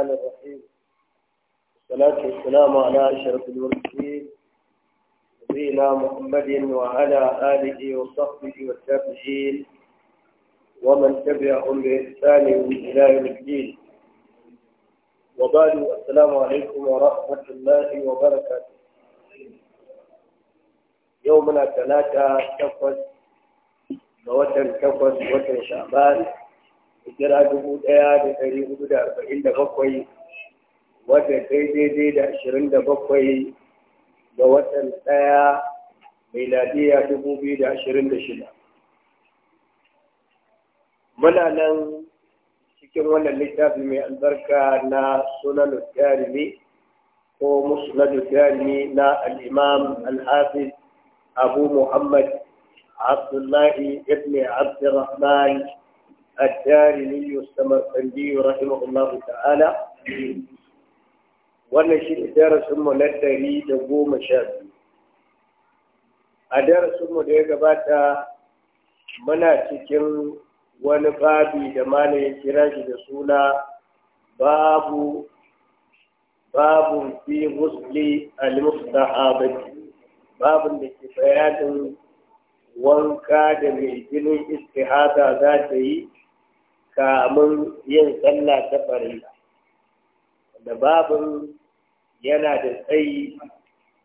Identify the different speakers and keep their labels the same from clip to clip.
Speaker 1: الرحمن الرحيم والصلاة والسلام على أشرف المرسلين نبينا محمد وعلى آله وصحبه والتابعين ومن تبعهم بإحسان إلى يوم الدين وبعد السلام عليكم ورحمة الله وبركاته يومنا ثلاثة تفوز ووتن تفوز ووتن شعبان hijira dubu ɗaya da ɗari hudu da arba'in da bakwai wadda kai daidai da ashirin da bakwai ga watan ɗaya mai ladiya dubu biyu da ashirin da shida. Muna nan cikin wannan littafi mai albarka na sunan jarumi ko musnadu jarumi na al'imam al-hafiz abu muhammad abdullahi ibn abdurrahman الدارمي السمرقندي رحمه الله تعالى wannan shi ne darasinmu na ɗari da goma sha biyu a darasinmu da ya gabata muna cikin wani babi da mana ya kira shi da suna babu babu fi musli al-mustahabati babun da ke bayanin wanka da mai jinin istihada za ta yi kamun yin sallah ta fari da babin yana da tsayi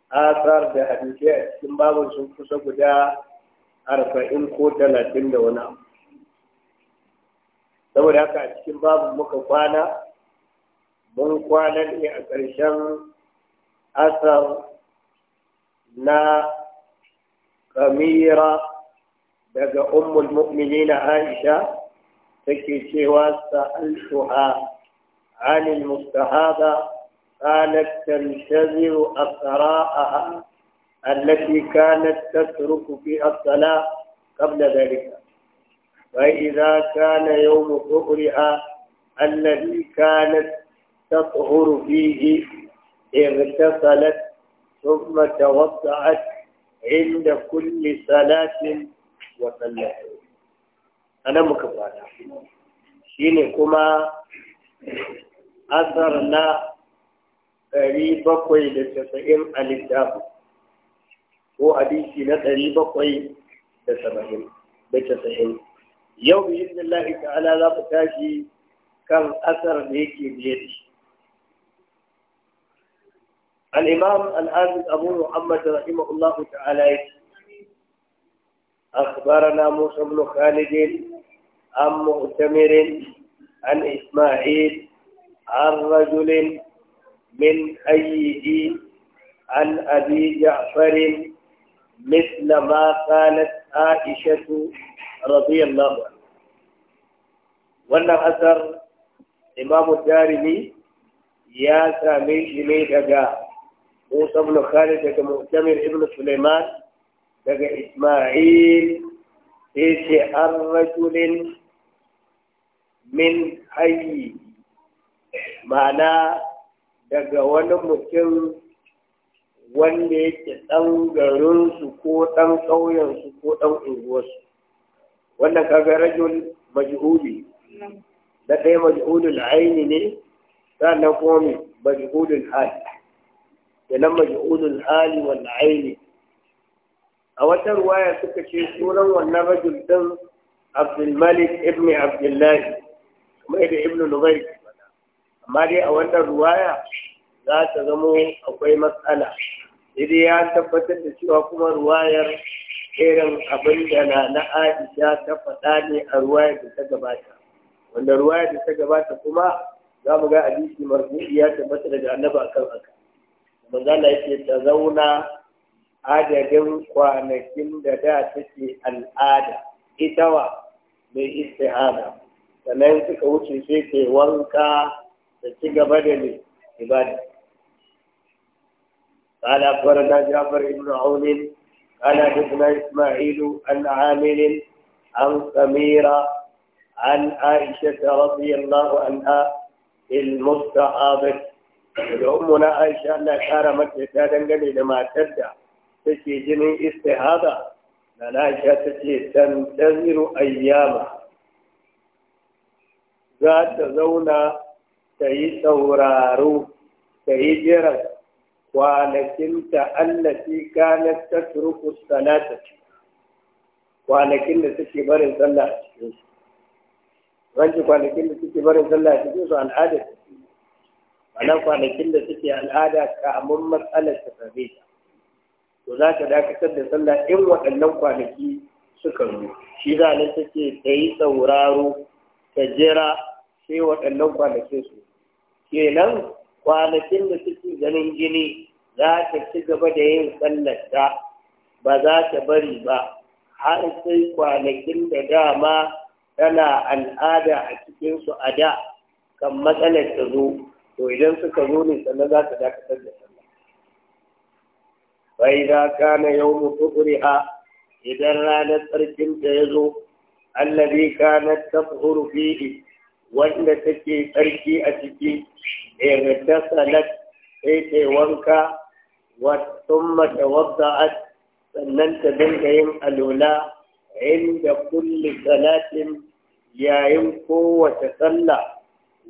Speaker 1: asar da hadisi a cikin babin sun kusa guda arba'in ko talatin da wani abu saboda haka a cikin babin muka kwana mun kwana ne a ƙarshen asar na kamira daga ummul mu'minina aisha take cewa سألتها عن المستهابة قالت تنتظر أثراءها التي كانت تترك في الصلاة قبل ذلك فإذا كان يوم ظهرها الذي كانت تطهر فيه اغتسلت ثم توضعت عند كل صلاة وصلت a nan muka fata shi ne kuma asar na ɗari bakwai da casa'in a ko hadisi na ɗari bakwai da casa'in yau bi izinin lahi ta'ala za ku tashi kan asar da yake biye da shi الإمام الآن أبو محمد رحمه الله تعالى يقول أخبرنا موسى بن خالد عن مؤتمر عن إسماعيل عن رجل من أيه عن أبي جعفر مثل ما قالت عائشة رضي الله عنها wannan asar imamu darimi ya same shi ne daga musa ibn khalid daga mu'tamir ibn sulaiman daga Ismail sai ce an rajulin min hayi ma'ana daga wani mutum wanda yake ɗan garinsu ko ɗan ƙauyensu ko ɗan unguwarsu wannan kaga rajul majhuli na ɗaya majhulul aini ne sannan kuma majhulul hali nan majhulul hali wal aini a wata ruwaya suka ce sunan wannan rajul din Abdulmalik ibn Abdullahi kuma da ibn Lubay amma dai a wannan ruwaya za ta zamo akwai matsala sai ya tabbatar da cewa kuma ruwayar irin abin da na na Aisha ta faɗa ne a ruwayar da ta gabata wanda ruwayar da ta gabata kuma za mu ga hadisi marfu'i ya tabbata daga annabi akan haka manzo Allah yake ta zauna adadin kwanakin da da ta ce al’ada itawa mai da iske hada, sannan suka wuce ce ke wanka da ci gaba da ne ibada. Kana fara na jamar Ibn Aulim, kana duk na Ismailu, an amirin, samira, an aisha ta rafi yallahu an ha, il musta abin. Da na aisha na kara mace ta dangane da matar da, take jinin istihada na ta ce dan taziru ayyama za ta zauna ta yi sauraro ta yi jiran kwanakinta allafi kanar ta turku salata kwanakin da suke barin sallah a cikin su wancan kwanakin da suke barin sallah a cikin su al'ada su ce wannan kwanakin da suke al'ada kamun matsalar ta same ta to za ka dakatar da sallah in waɗannan kwanaki suka zo shi za nan ta ce ta yi sauraro ta jira sai waɗannan kwanakin su kenan kwanakin da suke ganin gini za ta ci gaba da yin sallar ta ba za ta bari ba har sai kwanakin da dama tana al'ada a cikinsu a da kan matsalar ta zo to idan suka zo ne sannan za ta dakatar da ta Ba idan za a gane yau mafi ƙuri'a idan ranar tsarkin da ya zo Allah bi ka na tafi wanda take ke a ciki da ya yarda ta salak sai ta yi wanka wasu mata wata aji sannan ta dinga yin al'umma a yin da kulle salatin ya kowace sallah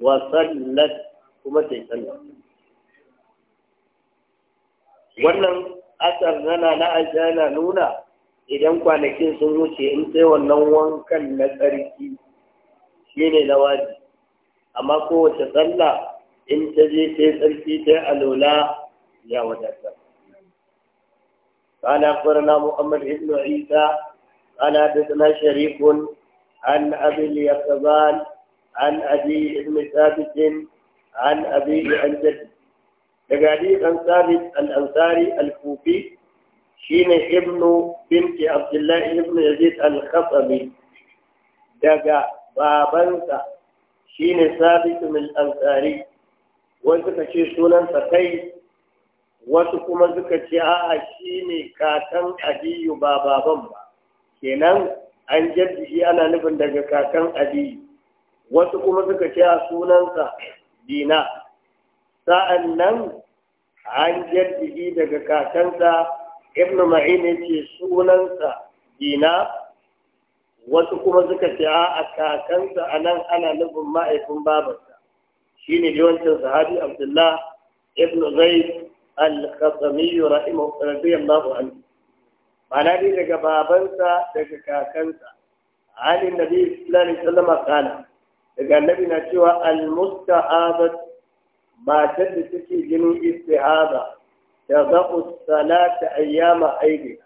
Speaker 1: wasan latin kuma ta yi sannan. asar nana na aisha yana nuna idan kwanakin sun wuce in sai wannan wankan na tsarki shine na waji amma kowace sallah in ta je ta yi tsarki ta yi alola ya wadatar قال أخبرنا محمد بن عيسى قال حدثنا شريف عن أبي اليقظان عن أبي بن ثابت عن أبي an daga hadith ansari al-ansari al-kufi shine ibnu binti abdullahi ibnu yazid al-khasami daga babansa shine sabit min ansari wani suka ce sunansa kai wasu kuma suka ce a'a shine kakan adiyu ba baban ba kenan an jaddi ana nufin daga kakan adiyu wasu kuma suka ce a sunansa dina sa'an nan an jaddihi daga kakansa ibnu ma'in yace sunansa dina wasu kuma suka ce a kakansa a nan ana nufin ma'aikun babarsa, shi ne yawancin sahabi abdullah ibnu zaid al-khatami babu anhu ma'ana ne daga babansa daga kakansa عن النبي صلى الله عليه وسلم قال na cewa al المستعاذة matar da take jinin istihada ta zaɓu salata ayyama aidi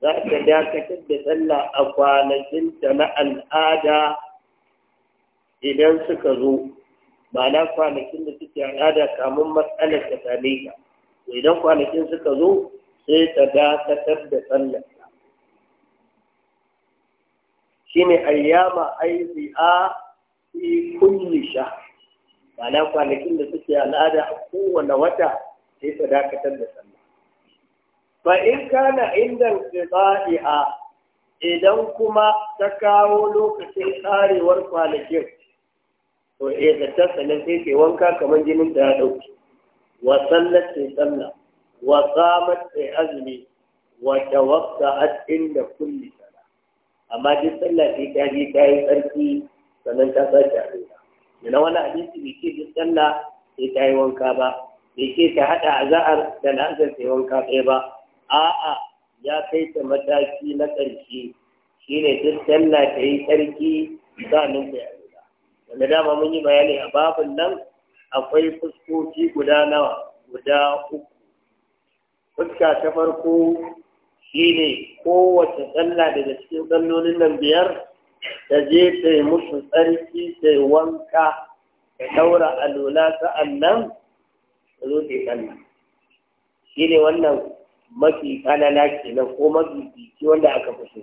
Speaker 1: za ta dakatar da sallah a kwanakinta na al'ada idan suka zo na kwanakin da suke al'ada kamun matsalar ta same ta idan kwanakin suka zo sai ta dakatar da sallah shine ayyama aizi a fi kulli ma'ana kwanakin da suke al'ada a kowane wata sai su dakatar da sallah fa in kana inda a idan kuma ta kawo lokacin tsarewar kwanakin to eh da ta sanin sai ke wanka kamar jinin da ya ɗauki, wa sallat sai sallah wa qamat sai azumi wa tawaqqa'at inda kulli salah amma duk sallah ta je ta yi tsarki sannan ta sake a Yana wani abinci bai ke ji tsalla sai ta yi wanka ba bai ke ta haɗa a za'ar da la'azar ta yi wanka ɗaya ba a'a ya kai ta mataki na ƙarshe shine duk sallah ta yi tsarki sa'anin ta yi azahar wanda dama mun yi bayani a babin nan akwai fuskoki guda nawa guda uku fuska ta farko shine kowace sallah daga cikin sallolin nan biyar ta je ta yi musu tsarki ta yi wanka ta daura alola sa'an nan zo ta yi sallah shi ne wannan mafi kanana nan ko mafi biki wanda aka fi so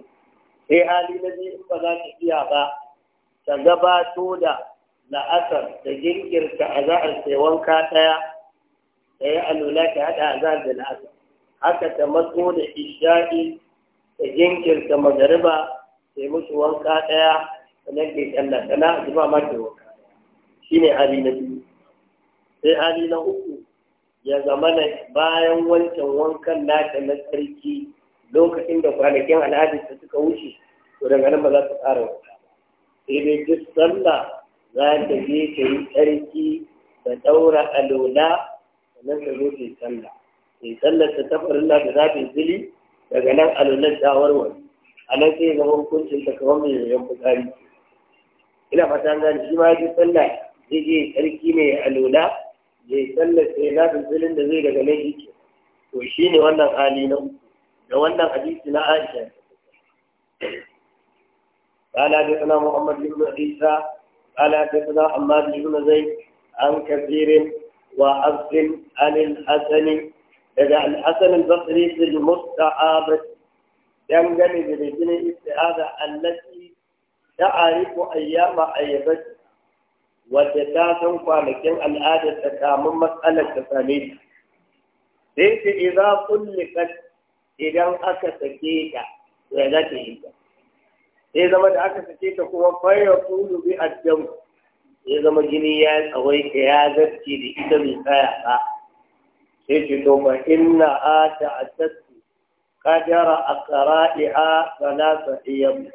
Speaker 1: sai hali na biyu in ba za ta iya ba ta gabato da la'asar da jinkirta a za'ar sai wanka ɗaya ta yi alola ta haɗa a za'ar da la'asar haka ta matso da isha'i ta jinkirta magariba sai musu wanka ɗaya sannan ke sallah sana a jima ma ke wanka shi ne hali na biyu sai hali na uku ya zama na bayan wancan wankan nata na sarki lokacin da kwanakin al'adarsa suka wuce to daga nan ba za su ƙara wanka sai dai duk sallah za ta je ta yi sarki ta ɗaura alola sannan ta zo ta yi sallah ta yi sallar ta tafarin da za ta yi zili daga nan alolar ta warware a nan sai zama hukuncin ta kamar mai yoyon fitsari ina fata an shi ma yaji sallah zai je sarki ne a lola zai sallah sai na filin da zai daga nan yake to shi ne wannan hali na uku da wannan hadisi na aisha قال حدثنا محمد بن عيسى قال حدثنا حماد بن زيد عن كثير daga عن الحسن الحسن البصري في المستحابة dangane da riginin isti'aza allati arifu ayyama ayyabati wadda ta san kwanakin al'adar ta kamun matsalar ta same ta sai ta idza kullikat idan aka sake ta ya za ta yi ta sai zama da aka sake ta kuma fayya kulu bi addam sai zama gini ya ka ya zarce da ita mai tsaya ba sai ce to fa inna a ta'addad قدر أقرائها ثلاث أيام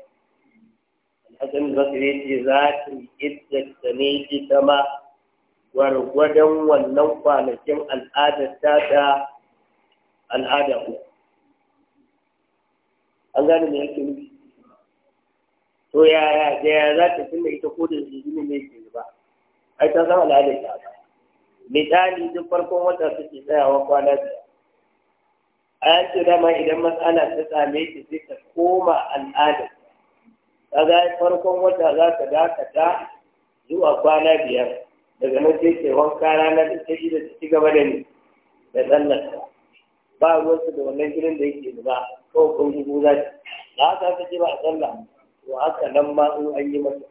Speaker 1: الحسن البصري ذات إذ سنيت كما wargwadon wannan kwanakin al'adar ta ta al'ada an gane to yaya da ya za ta tunda ita ko da jijini ne ke ba ai ta san al'adar ta ba misali duk farkon wata suke tsayawa kwana biyar a yake dama idan matsala ta same ki sai ka koma al'ada ka ga farkon wata za ka dakata zuwa kwana biyar daga nan sai ke wanka ranar ta shida ta ci gaba da ni da tsallaka ba ruwansu da wannan gidan da yake zuba kawai kun shigo za ta da haka ta ce ba a tsalla to haka nan ma in an yi masa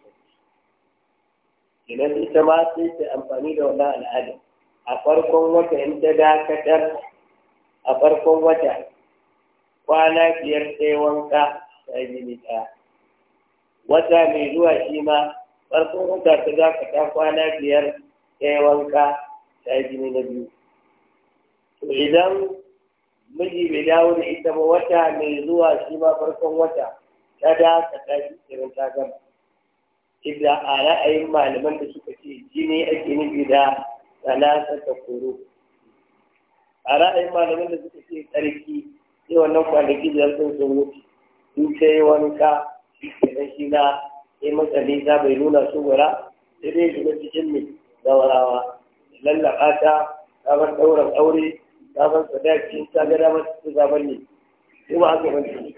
Speaker 1: idan ita ma sai ta amfani da wannan al'ada a farkon wata in ta dakatar a farkon wata kwana biyar sai wanka ta yi ɗaya wata mai zuwa shi ma farkon wata ta za ka ta kwana biyar sai wanka ta yi na biyu to idan miji bai dawo da ita ba wata mai zuwa shi ma farkon wata ta da ka ta shi irin ta gama idan a ra'ayin malaman da suka ce jini ake nufi da salasa ta koro a ra'ayin malamin da suka ce tsarki sai wannan kwanaki da yanzu sun wuce in ka yi wanka idan shi na ya masa nisa bai nuna su gura sai dai shiga cikin mai gawarawa lallaka ta sabon ɗaurin aure sabon sadaki ta ga damar su zaben ne Su ba haka bane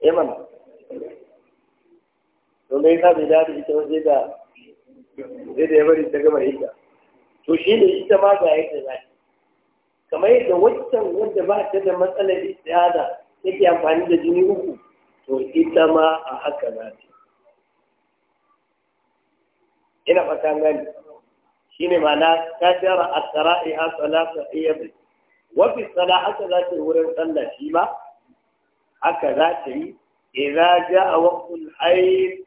Speaker 1: eh mana domin me yasa bai dadi ita waje da zai da ya bari ta gama ita to shi ne ita ma ga yadda za ta kamar yadda waccan wanda ba ta da matsalar istihada take amfani da jini uku to ita ma a haka za ta ina fata gani shi ne ma na? jara a tsara'i a salata iya bai wafi tsala haka za ta yi wurin tsalla shi ma haka za ta yi idza ja'a waqtul hayd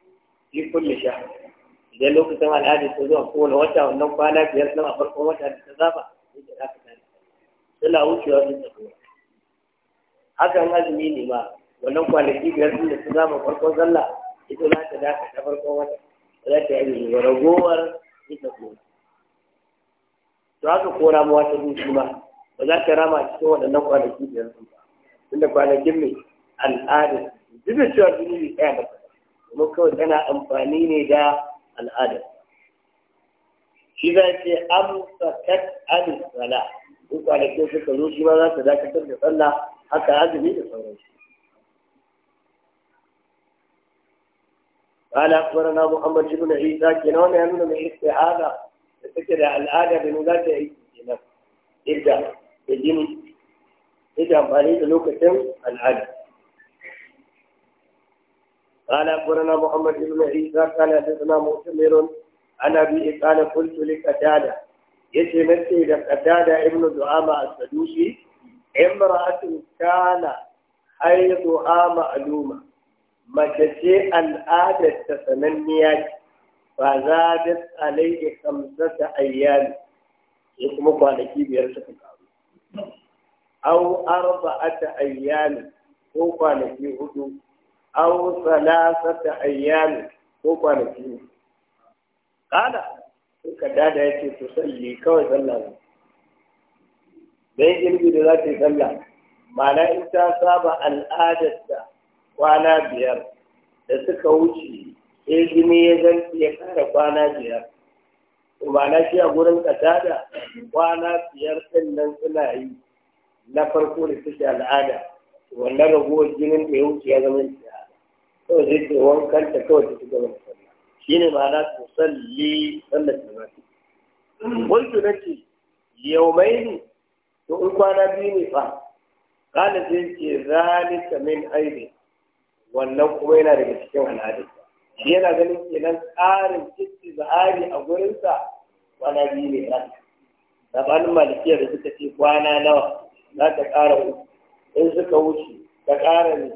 Speaker 1: fi kulle shahr idan lokacin al'adar ta zuwa kowane wata wannan kwana biyar suna a farkon wata da ta zaba sai ta ka tare suna wucewa sun tafi hakan azumi ne ma wannan kwanaki biyar sun da ta zaba farkon zalla, ita za ta dafa ta farkon wata za ta yi ragowar ita kuma to haka ko ramuwa ta zuci ma ba za ta rama cikin waɗannan kwanaki biyar sun ba da kwanakin mai al'adar duk da cewa zunubi ɗaya ba kuma kawai tana amfani ne da الألف إذا أمس كت ألف فلا يقول على كيف تلوش ماذا تلاك ترجع صلى حتى هذه هي الصورة قال أخبرنا أبو محمد بن عيسى كنون يمن من استعادة فكر الآلة من ذات عيسى جنب إرجع الجن إذا ما هي تلوك تم الآلة قال أخبرنا محمد بن عيسى قال حدثنا مؤتمر عن أبي قال قلت لقتادة يتي نسي لقتادة ابن دعامة السدوسي امرأة كان حيضها معلومة ما تشيء الآدة تسمنيات فزادت عليه خمسة أيام يقوم بالكي بيرسك أو أربعة أيام هو بالكي هدوء aw salasata ayyam ko kwanaki ne kada dada yake to salli kawai sallah ne dan girbi da za ta yi sallah ma'ana in ta saba al'adarta kwana biyar da suka wuce sai jini ya zanci ya kwana biyar to ma'ana shi a gurin katada kwana biyar ɗin nan suna yi na farko da suke al'ada wannan ragowar jinin da ya wuce ya zama kawai zai ce wankan ta kawai ta gaba da sallah shine ma'ana su salli sallar jama'a yau mai ne? to in kwana biyu ne fa kana zai ce zalika min aibi wannan kuma yana daga cikin al'adu. shi yana ganin kenan tsarin cikin zahari a gurinsa kwana biyu ne ɗan sabanin malikiyar da suka ce kwana nawa za ta ƙara uku in suka wuce ta ƙara ne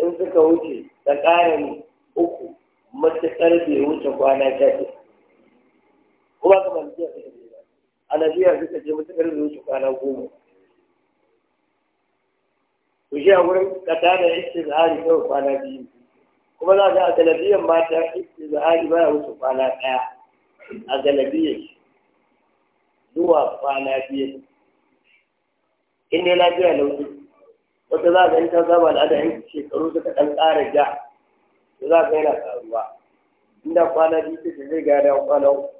Speaker 1: in suka wuce da ƙarin uku matuƙar bai wuce kwana sha kuma kamar jiya suka je ba a najeriya suka je matuƙar bai wuce kwana goma ku shi a wurin iske zahari kawai kwana biyu kuma za ga a galabiyan mata zahari ba ya wuce kwana ɗaya a galabiyan zuwa kwana biyu in dai lafiya lauki wata za ka in ta zama al'ada yin shekaru suka ɗan ƙara ja to za ka yana ƙaruwa inda kwana biyu ce zai gada dawo kwana uku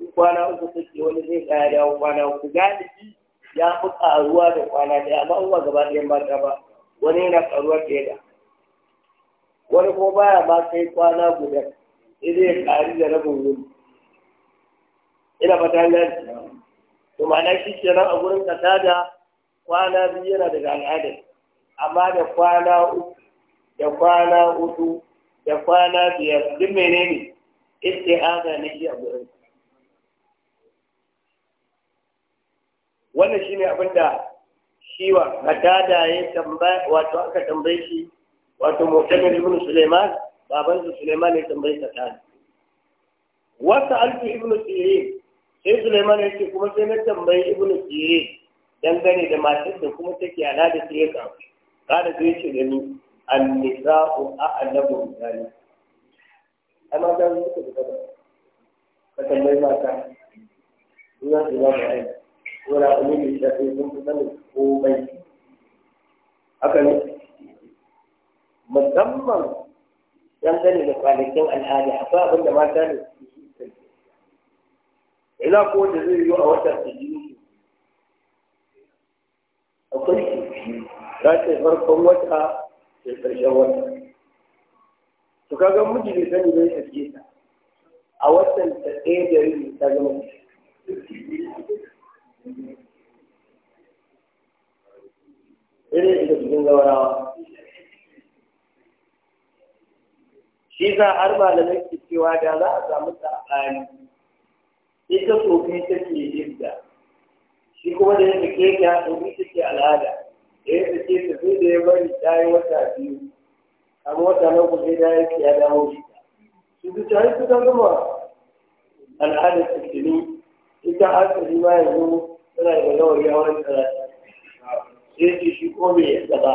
Speaker 1: in kwana uku ce wani zai gada dawo kwana uku galibi ya fi ƙaruwa da kwana ɗaya amma uwa gaba ɗayan ba ta ba wani yana ƙaruwa fiye da wani ko baya ma kai kwana guda idan ya ƙari da rabin wuni
Speaker 2: ina ba ta gani
Speaker 1: to ma'ana shi nan a gurin ka tada kwana biyu yana daga al'adar amma da kwana uku da kwana hudu da kwana biyar duk menene isti'aza ne shi a gurin wannan shine abin da shi wa hadada ya tambaya wato aka tambaye shi wato mu'tamir ibn suleiman baban su Suleiman, ya tambaye ta wasa alfi ibn Sirin sai Suleiman ya ce kuma sai na tambayi ibn Sirin dangane da matar da kuma take al'ada ta ya kafu kada zai ce gani a annabu misali a da zai suka da ka tambayi mata ina su ba mai wala ummi da sai sun fi sanin komai haka ne musamman dangane da kwanakin al'ada akwai abin da mata ne ina ko da zai yi a watan su akwai kifi za ta farkon wata da ƙarshen wata to kaga miji bai sani bai sake ta a watan ta ɗaya da rini ta zama irin da cikin gawarawa. shi za a har da ke cewa da za a samu saɓani ita sofi take yin da shi kuma da ya sake ta to ita ce al'ada da yadda sake ta sai da ya bari ta yi wata biyu amma wata nan ku sai da ya ce ya dawo shi su su ta haifu ta gama al'adar ta kini ita asali ma yanzu tana da gawar yawon tsara sai ce shi ko bai yadda ba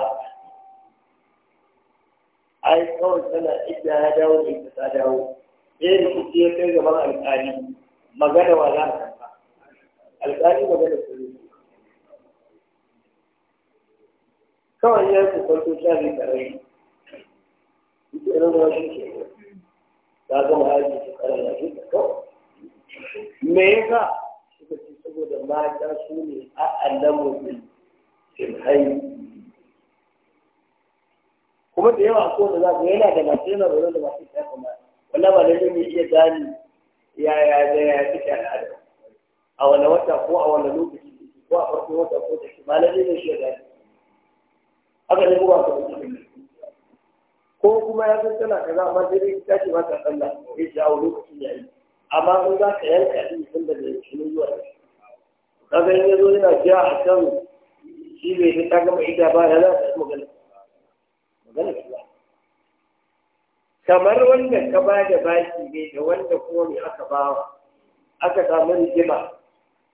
Speaker 1: ai kawai tana idda ya dawo da ita ta dawo ɗaya da kuke ya kai gaban alƙali magana wa za a karɓa alƙali magana kawai ya ku farko shafi karami ita irin ruwa shi ke ta gama haji ta karan na shi kawai me yasa suka ce saboda mata su ne a allamu bil jimhai kuma da yawa ko da za ku yana da masu yana da da masu ya kuma wannan ba lalle ne iya gani ya ya da ya kike al'ada a wani wata ko a wani lokaci ko a farkon wata ko da shi ba lalle ne shi ya gani aka ne kuma ka ko kuma ya san tana kaza amma dai dai ta ce ba ta sallah ya ce a lokacin ya amma in za ka yanka ɗin sun da zai shi zuwa da shi kaga in ya zo yana jiya a kan shi bai fi ta gama ita ba ya za ta magana magana shi ba kamar wanda ka ba da baki ne da wanda kuma mai aka ba aka samu rigima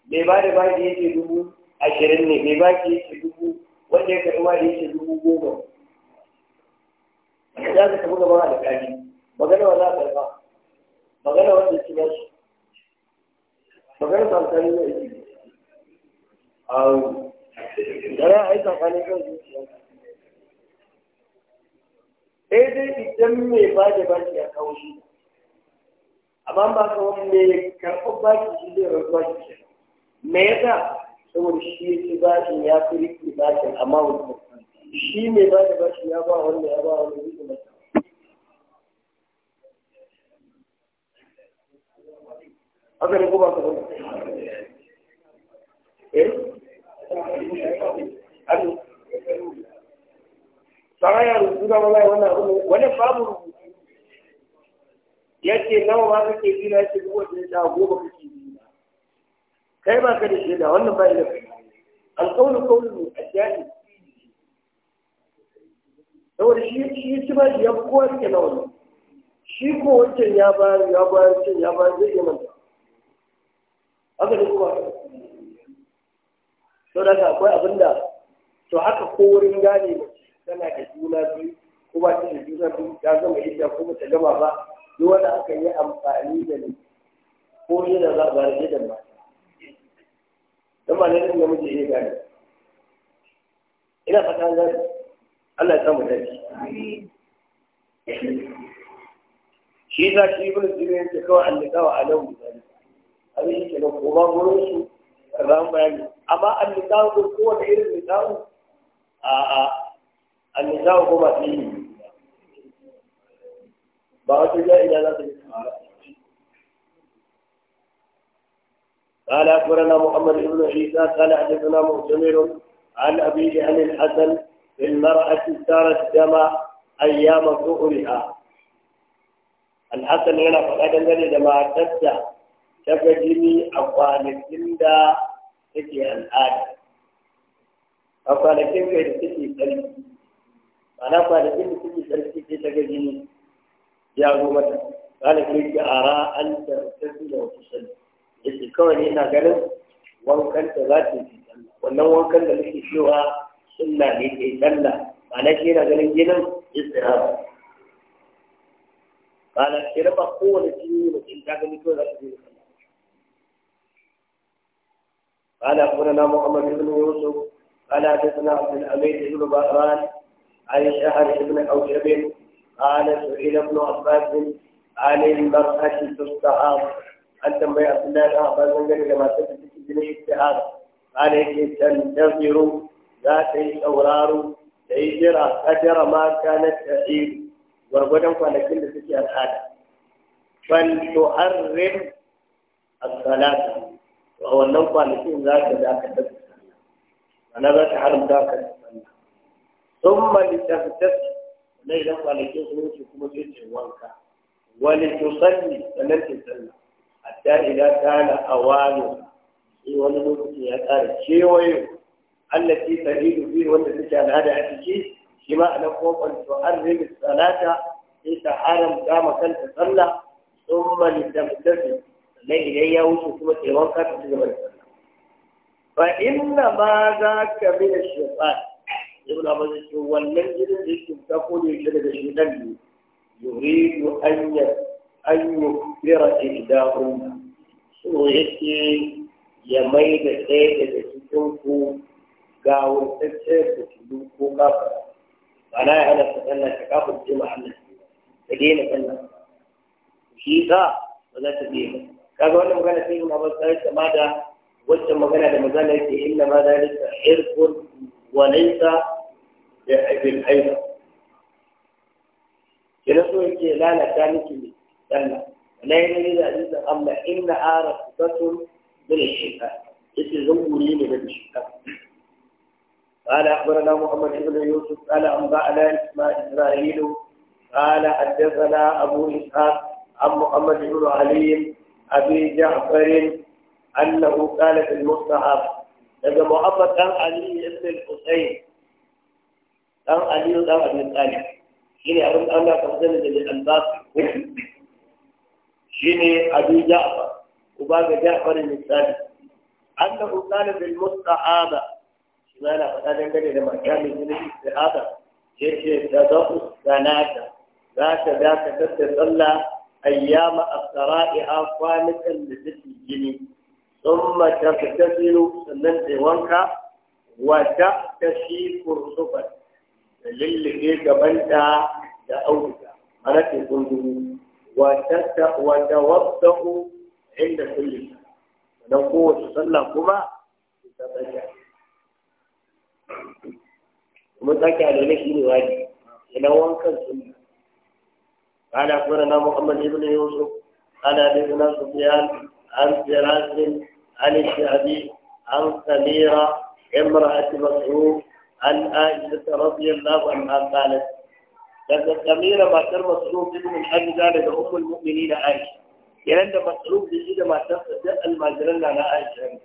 Speaker 1: mai ba da baki yake dubu ashirin ne mai baki yake dubu wanda ya karɓi ma da yake dubu goma za ka tafi gaba da kaji magana wa za ka karɓa magana wanda ya ci ba shi magana ta alƙali na iji awo da za a yi tsakanin kan zuciya sai dai idan mai ba da baki a kawo shi amma ba ka wani mai karɓar baki shi zai rantsuwa shi me ya yasa saboda shi ya ci bashin ya fi riƙe bashin a mawuta shi mai ba da bashi ya ba wanda ya ba wani riƙe masa haka ne ko ka ba eh sana ya rubutu da wallahi wannan abu ne wani babu rubutu ya ce nawa ba ka ke bi na yace dubu da ta goma ke bi kai ba ka da shi da wannan ba ila alƙawlu qawlun ajali saboda shi shi shi ba ya kowa ke na wani shi ko wancan ya ba ya ba can ya ba zai yi manta haka ne kuma sau da akwai abin da to haka ko wurin gane tana da juna biyu ko ba ta da juna biyu ya zama idda ko ba ta gama ba duk wanda aka yi amfani da ni ko yana za a bayar da ba don ne lalle ne muke iya gane ina fata gane Allah ya samu dace shi za shi ibn jirin yake kawai allikawa a nan misali abin shi ke nan koma gurin su ran bayani amma allikawa ko kowane irin likawa a a allikawa ko ba su yi ba wata ina za ta yi قال أخبرنا محمد بن عيسى قال حدثنا مؤتمر عن أبيه عن الحسن في المرأة استارت دم أيام ظهرها الحسن هنا فقد أنزل لما تبدأ تفجني أقوال الجندة تجي الآن أقوال الجندة تجي تلك أنا أقوال الجندة تجي تلك تجي تجي يا أبو متى قال كيف أرى أن تغتسل وتصلي yace kawai ne na ganin wankan da za ta yi wannan wankan da nake cewa sunna ne ke tsalla ba na shi yana ganin jinin istihaba ba na shi raba kowane jini mutum ta gani to za ta yi قال أخبرنا محمد بن يوسف قال حدثنا عبد الحميد بن بهران عن شهر بن أوشب قال سئل ابن عباس عن المرأة تستعاض an tambayi Abdullahi dan Abbas dangane da matar da take jinin istihara kana yake tantaziru za ta yi sauraro da yi jira kadara ma kana ta'iru gwargwadon kwanakin da suke al'ada bal tu'arrim as-salata to a wannan kwanakin za ka da ka tafi sallah ana za ta haramta ka da sallah wuce kuma sai wanka wani hatta idan kana awanu sai wani lokaci ya tsara kewaye allati taridu bi wanda take al'ada a ciki shi ma ana kofar to an rage salata sai ta haramta ma kanta sallah da mutane na idan ya wuce kuma sai wanka ta ci gaba da sallah fa inna ma za ka bi da shaytan ibn abbas ce wannan gidan da yake ta kodi daga shaytan ne yuridu an yasta an yi fira ihdahunna so yake ya mai da ɗaya daga cikin ku ga wurtacce da tudu ko kafa ana ya hana sallah ta kafa ji ma Allah ta daina sallah shi ka ba za ta Ka kaga wannan magana sai yi ba sai kama da wacce magana da magana yake inna ma zalika irqun wa laysa bi aibil aiba kina so yake lalata miki ne sallah la yi da hadisi amma inna arasatun bil shifa yace قال أخبرنا محمد بن يوسف قال أنبأنا إسماعيل إسرائيل قال حدثنا أبو إسحاق عن محمد بن علي أبي جعفر أنه قال في المصحف إذا محمد كان علي بن الحسين كان علي بن أبي طالب إلى أن الله تنزل للأنباط shine abu ja'far uba ga ja'far misali annahu qala bil musta'ada shi ma yana faɗa dangane da mata mai jinin istihada yace tadau sanata za ta dakatar da sallah ayyama asra'iha kwanakan da take gini ثم تغتسل سنن وانكا وتكتشي كرسفا للي جبنتا auduka, أولك أنا تكون وتوضأوا عند كل صلاة don kowace sallah kuma ta tsakiya kuma tsakiya da ne shine wajibi ina wankan sunna قال أخبرنا محمد بن يوسف قال حدثنا سفيان عن فراس عن الشعبي عن سميرة امرأة مسعود عن عائشة رضي الله عنها قالت لأن الضمير ما تر مصروف منه من أجل ذلك أم المؤمنين عائشة يعني أنت مصروف إذا ما تر زلنا على عائشة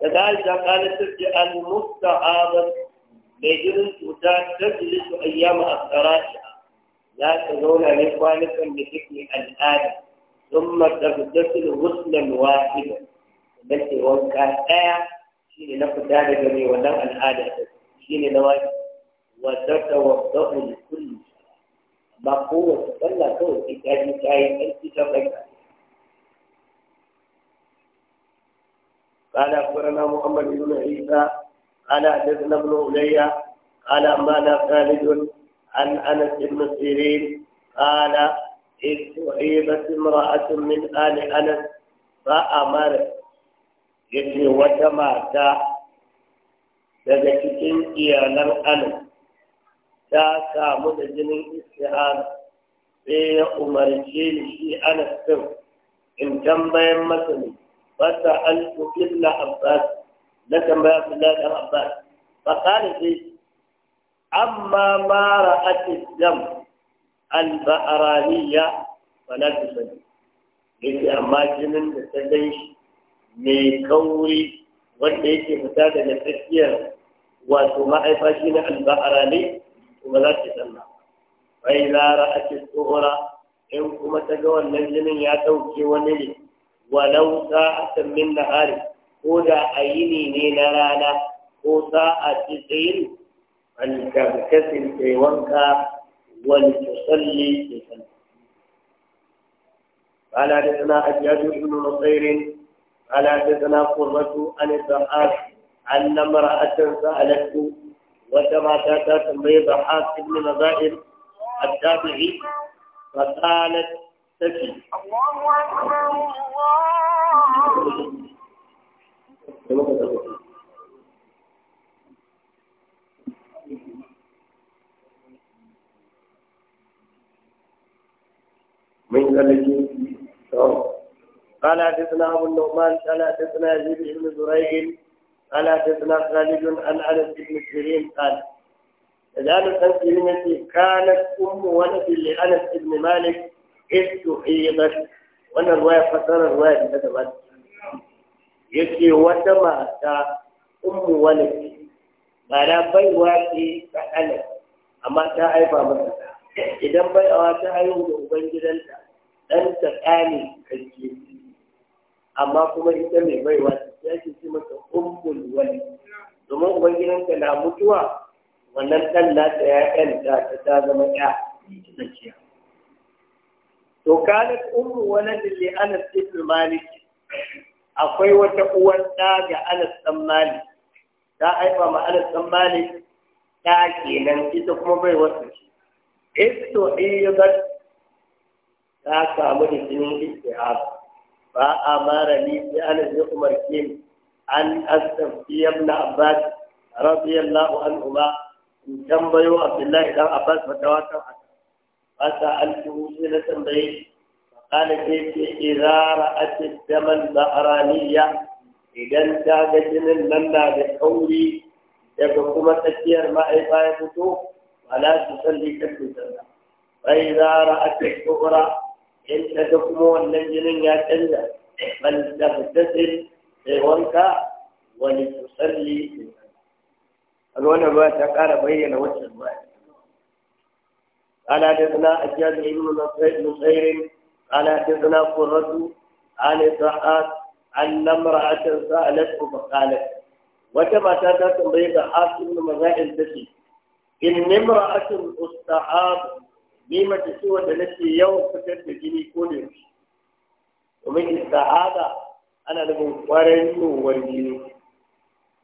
Speaker 1: فذلك قالت المستعاضة بجرن تدان تجلس أيام أفتراشها لا تزول لإخوانك بحكم الآن ثم تغتسل غسلا واحدا بس هو كان آية شيني نفس ذلك من ونوع الآلة شيني نواجه وتتوضأ لكل شيء ما قوة فلا توفي كاي كاي أنت شبكة قال أخبرنا محمد بن عيسى قال حدثنا ابن علي قال أنبانا خالد عن أنس بن سيرين قال إذ أعيبت امرأة من آل أنس فأمر يجي وتماتا daga cikin iyalan anas ta kamu da jinin istihara sai ya umarce ni shi ana sin in tambayan masa ne fasa alfu illa abbas na tambaya abdullahi dan abbas fa kana sai amma ma ra'at dam al-ba'raniya fa la tusali yake amma jinin da ta gan shi mai kauri wanda yake fita daga tsakiyar wato ma'aifa shi na al-ba'rani kuma za ki yi bai zara a ce tsohora in kuma ta ga wannan jinin ya ɗauke wani ne walau sa'atan min nahari ko da a yini ne na rana ko a ce tsayin an karkasin ta wanka wani tusalli ke sallah قال حدثنا أبيات بن نصير قال حدثنا قرة عن الضحاك أن امرأة سألته وكما كانت تميز حاسب بن مذاهب الشافعي فقالت تكي من ذلك قال حدثنا ابو النعمان قال حدثنا يزيد بن زريق قال حدثنا خالد عن انس بن سيرين قال الانس بن سيرين كانت ام ولد لانس بن مالك اذ تحيضت wannan ruwa ya fasara ruwa ya fita wata mata ummu walaki ma'ana baiwa ce ta ana amma ta haifa masa idan baiwa ta haihu da ubangidanta ɗan ta ƙane kake amma kuma ita mai baiwa ta ya ke ce masa ummul wali domin na mutuwa wannan ɗan ta ya da ta ta zama ya to kana ummu li anas ibn malik akwai wata uwar ga anas ɗan malik ta haifa ma anas ɗan malik ta kenan ita kuma bai wasu shi isto ɗiyar ta samu da jinin istihaba ba a mara ni sai an yi umarci an astafi yabna abbas radiyallahu anhuma in tambayo abdullahi dan abbas fa tawata fa sa alki na tambaye fa kana ke ce irara ati zaman bahraniya idan ta ga jinin nan na kauri daga kuma tafiyar ma'aifa ya fito ba za su salli kan tutar da bai zara ake kura in daga kuma wannan jinin ya canza bal da mutasil sai wanka wani tusalli alwana ba ta kara bayyana wancan ba قال حدثنا أجاز بن نصير قال حدثنا قرة عن إسحاق أن امرأة سألته فقالت وكما تاتى تنبيه حاكم بن In تشي إن امرأة أستحاض ni mace ce wanda nake yawan fitar da jini ko da ki domin istihada ana nufin kwarai yiwuwar jini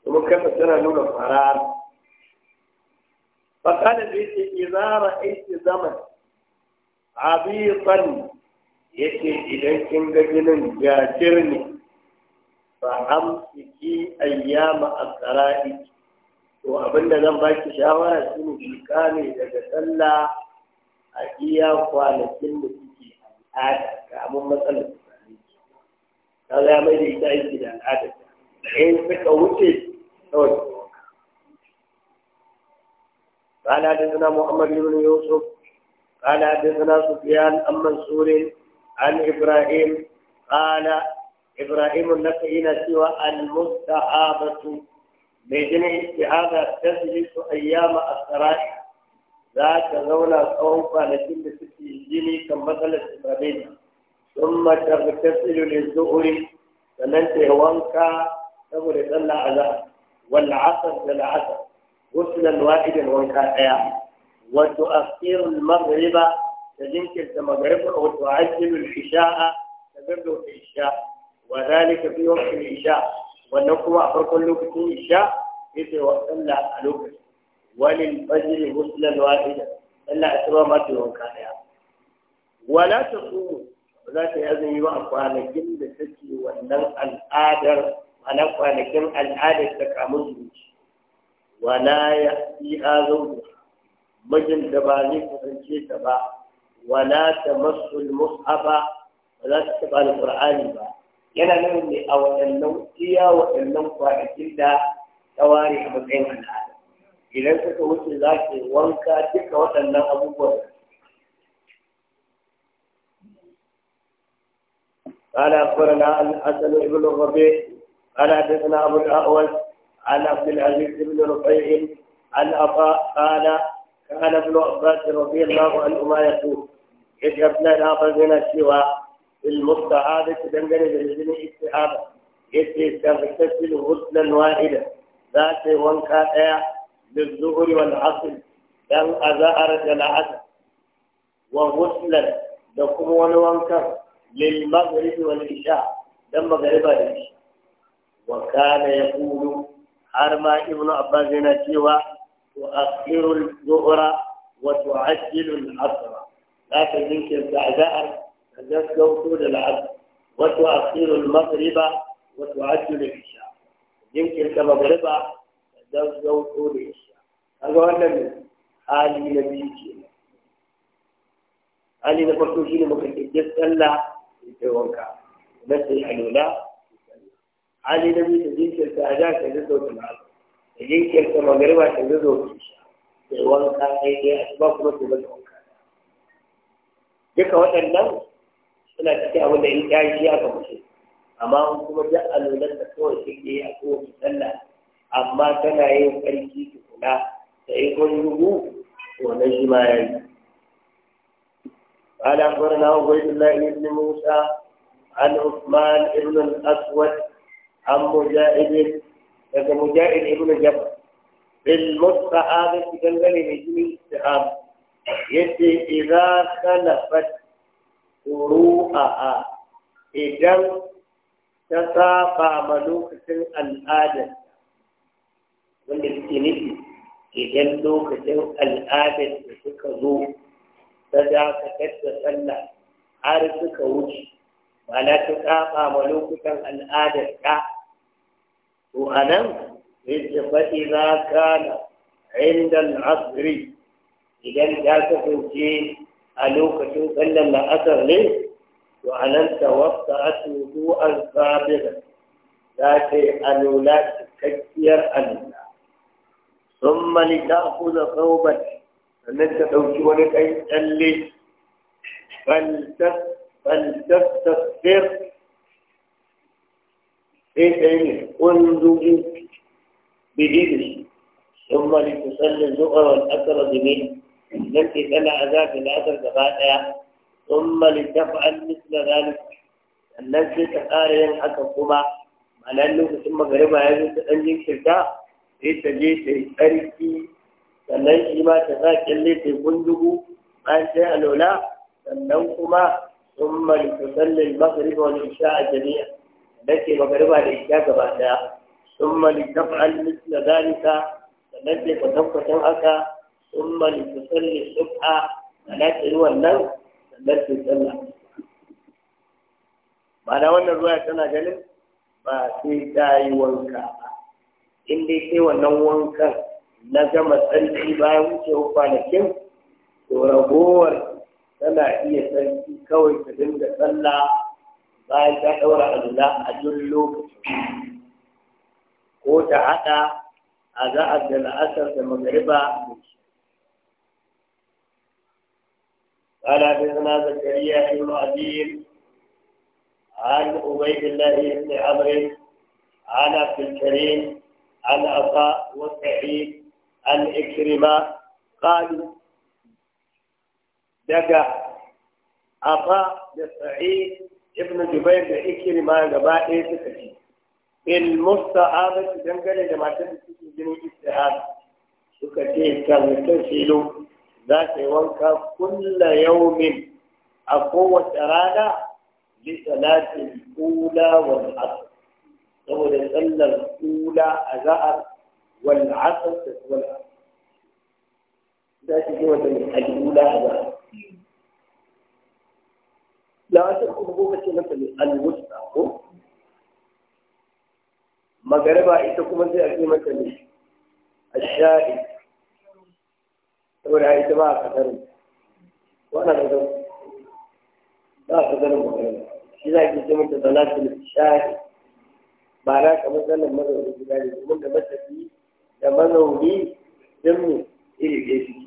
Speaker 1: domin kasa tana nuna farar fakada da yake izara aiki zaman abisan yake idan kin ga ginin ya ne fa amsiki ayyama asra'i to abinda zan baki shawara shine ki kame daga sallah a iya kwanakin mu suke al'ada ga abin matsalar tunani ta zai mai da ita aiki da al'ada ta in suka wuce kawai da waka kana da zina muhammad ibn yusuf kana da zina sufiyan an mansuri an ibrahim kana ibrahim na ka yi na cewa al-mustahabatu mai jini ki haga tasiri su ayyama asara'i za ta zauna tsawon kwanakin da suke jini kan matsalar tsunami sun mata fitar tsirilin zuhuri sannan ta yi wanka saboda tsalla a za'a wal asar da la'asar wasu wa'idan wanka ɗaya wato asirin magriba ta jinkirta magariba wato a ajiyar isha'a ta gaggauta isha wa zalika fi wakil isha wannan kuma a farkon lokacin isha ita wa sallah a lokacin walil fajri huslan wahida Allah a tsira mata wanka ɗaya. wala ta tsumu ba za ta yi azumi a kwanakin da take wannan al'adar ana kwanakin al'adar ta kamun zuci
Speaker 2: wala ya
Speaker 1: fi azumi mijin da ba zai kusance ta ba wala ta masul mus'afa ba za ta taɓa alƙur'ani ba yana nan ne a waɗannan iya waɗannan kwanakin da ta a matsayin al'ada idan suka wuce za ki wanka duka waɗannan abubuwan قال أخبرنا الحسن بن الربيع قال حدثنا أبو الأعوج عن عبد العزيز بن رفيع عن أبا قال كان ابن عباس رضي الله عنهما يقول يجبنا الأرض من السوى المستعادة دندن بالجن استعادة يتي تغتسل غسلا واحدا ذات وانكا للظهر والعصر دم أزهر جلعت وغسلا لكم ونوانكا للمغرب والعشاء دم مغربا للعشاء وكان يقول حرما ابن عباس نتيوى تؤخر الظهر وتعجل العصر لا تنكر بعدها تذكر طول العصر وتؤخر المغرب وتعجل العشاء ينكر كمغربا zazzauto da shi kaga wannan hali na biyu ke hali na farko ne muka kike sallah da kai wanka na sai alola hali na biyu ta jinkirta a ja ka zazzauta na ta jinkirta magariba ta zazzauta shi sai wanka sai dai a ba kuma ta zazzauta wanka duka waɗannan suna cikin abin da in ya shi aka mushe amma kuma ja alolan da kawai shi ke a kowace sallah amma tana yin ƙarfi kula da ikon ruhu na shi ma yayi قال أخبرنا عبيد الله بن موسى عن عثمان بن الأسود عن مجاهد daga mujahid ibn jabr bil musta'ab Yadda da jini istihab yace idza khalafat furu'a idan ta saba ma lokacin al'adar. idan lokacin al'adar da suka zo ta dakatar da sallah har suka wuce ma'ana ta saba ma lokutan al'adar ta to a nan yadda faɗi za ka na inda al'asiri idan ta kasance a lokacin sallar la'asar ne to a nan ta a asubu an sabiga za ta yi alola cikakkiyar alola sun mani ta ku da tsoban sannan ta ɗauki wani kai tsalle ƙaltattattar sai ɗaya ne ƙunzugi biyu da shi sun mani ta tsalle zuwarwar ƙasar zume nan ke tsala a zafi latar gaba ɗaya sun mani ta fa’an nisla zalik sannan sai ta ƙara yin haka kuma ma nan lokacin magariba ya zo ta ɗan jinkirta sai ta je ta yi tsarki sannan shi ma ta sa kyalle ta gundugu bayan sai a lola sannan kuma sun malitu sallin magariba wani isha a jami'a da ke magariba da isha gaba daya sun malitu fa'al da zalika sannan ta kwatankwatan haka sun malitu sallin subha na ta yi wannan sannan ta yi Ba da wannan ruwa tana ganin ba sai ta yi wanka ba in dai sai wannan wankan na gama tsarki bayan wucewa kwanakin to ragowar tana iya tsarki kawai ta dinga tsalla bayan ta ɗaura azula a duk lokaci, ko ta haɗa a za'ar da la'asar da magariba da shi قال حدثنا زكريا بن عديل عن عبيد الله بن عمرو عن عبد الكريم عن عطاء وسعيد عن إكرمة قالوا دقا عطاء وسعيد ابن جبير وإكرمة قبائل تكفي المستعابة دنقل لما تنسي جنو استعابة سكتيه كان تنسيلو ذات وانكا كل يوم أقوة أرادة لصلاة الأولى والعصر سبب الغلة الأولى أزهر والعصر تتولى ذات جوز الأولى أزهر لا تكون بوغة نفل المستحق مغربا إتكم أنت أكيمة الشاهد تقول عائل تباع قدر وأنا قدر لا قدر مغربا إذا كنت أنت ثلاثة الشاهد ba na kamar zanen mazauni gida ne domin da matafi da mazauni don mu iri ɗaya su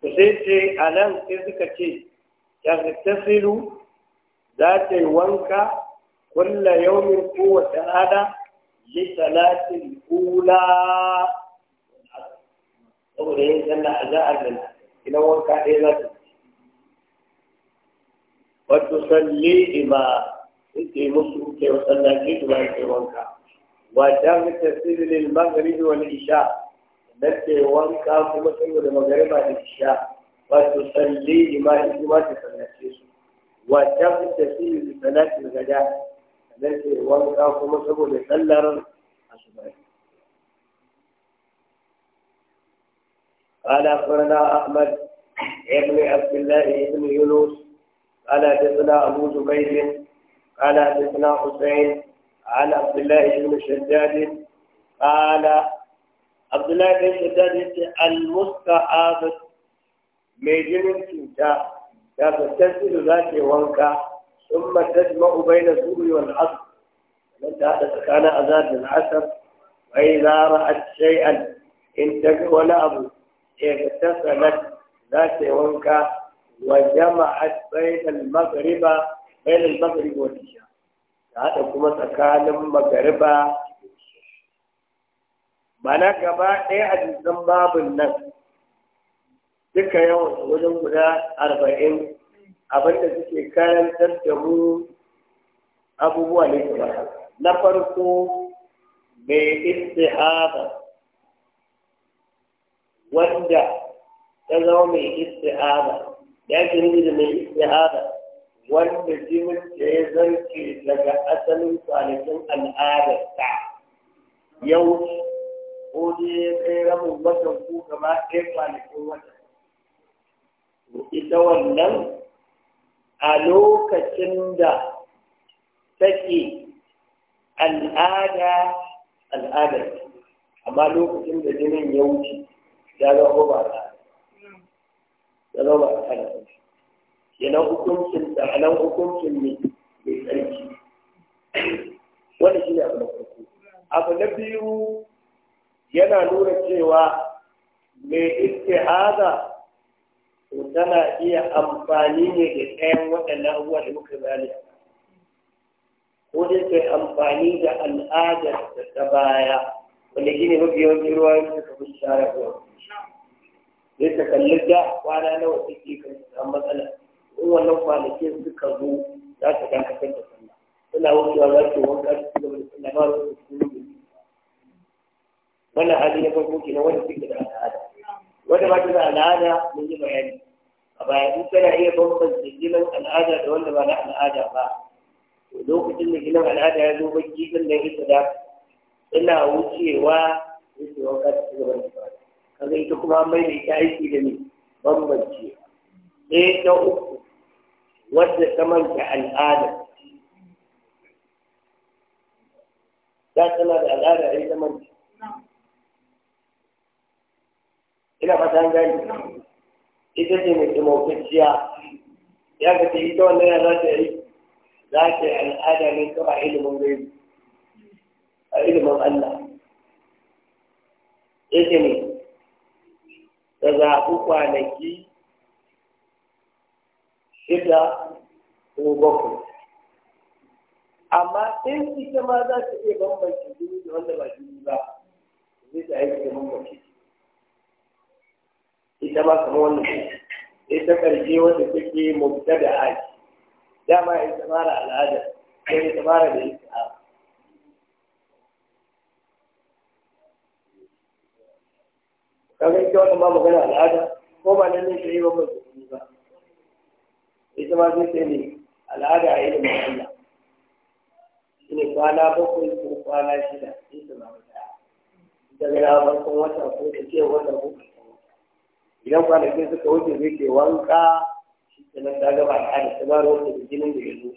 Speaker 1: to sai ce a nan sai suka ce ya filu za ta yi wanka kulla yaumin kowace rana salatin kula saboda yin sallah a za'ar da ina wanka ɗaya za ta وتصلي بما انت مسلم كي وصلاتي بما انت وانكا وتغتسل للمغرب والعشاء انت وانكا كما المغرب والعشاء وتصلي بما انت ما تصلاتي وتغتسل لصلاة الغداء انت وانكا كما تقول صلر قال أخبرنا أحمد ابن عبد الله ابن يونس قال حدثنا أبو زبيد قال حدثنا حسين عن عبد الله بن شداد قال عبد الله بن شداد المستعاذ mai jinin cuta da fitar tudu za ke wanka sun mata jima ubai da zuru yawan asu ta haɗa tsakanin azadin asar bai za a shai'an in ta wani abu ya fitar sanar za ke wanka وجمعت بين المغرب بين المغرب kuma tsakanin كما تكان المغرب mana gaba ɗaya a jikin babin nan duka yawan wajen guda arba'in abinda suke karantar da mu abubuwa ne kamar na farko mai istihada wanda ta zama mai istihada da yake nufi istihada wanda jinin da ya zarce daga asalin kwanakin al'adarsa yau ko ne ya kai rabin watan ko gaba ɗaya kwanakin watan ita wannan a lokacin da take al'ada al'adar amma lokacin da jinin ya wuce ya zama ba ya zama a kan kenan hukuncin da nan hukuncin ne mai tsarki wani shi ne abu na farko abu na biyu yana nuna cewa mai haza to tana iya amfani ne da ɗayan waɗannan abubuwa da muka bayani ko dai kai amfani da al'adar da ta baya wanda gini mafi yawancin ruwa suka fi shara ruwa sai ta kalli da kwana nawa take kan samu matsala in wannan kwanakin suka zo za ta dakatar da sallah suna wucewa za ta wanka su gaba da suna ba su su yi wannan hali na farko kenan wanda suke da al'ada wanda ba ta da al'ada mun yi bayani a baya in kana iya bambanta jinin al'ada da wanda ba na al'ada ba lokacin da jinin al'ada ya zo baki sannan ita da ina wucewa wucewa ka ci gaba da suna kaga ita kuma mai da ita aiki da ni bambanci ɗaya ta uku wadda ta manta al'ada za tana da al'ada a ita manta ina fata an gani ita ce mai demokraciya ya ga ta ita wannan ya za ta yi za ta yi al'ada ne kawa a ilimin gari a ilimin Allah ya ce ne ka ku kwanaki shida ko bakwai amma in ita ma za ta iya bambanci jini da wanda ba jini ba zai ta aiki da bambanci ita ma kamar wannan ce ta karshe wanda take da aji dama ya samara al'ada sai ya samara da ita kaga ita wannan ba magana al'ada ko ba nan ne ta sai ba ba ba ita ma sai sai ne al'ada a ilimin Allah shine kwana bakwai ko kwana shida ita ma daga na farkon wata ko ta ce wannan ko idan kwanakin suka wuce zai ke wanka shi kenan ta gaba al'ada ta ba ruwan da jinin da ya zo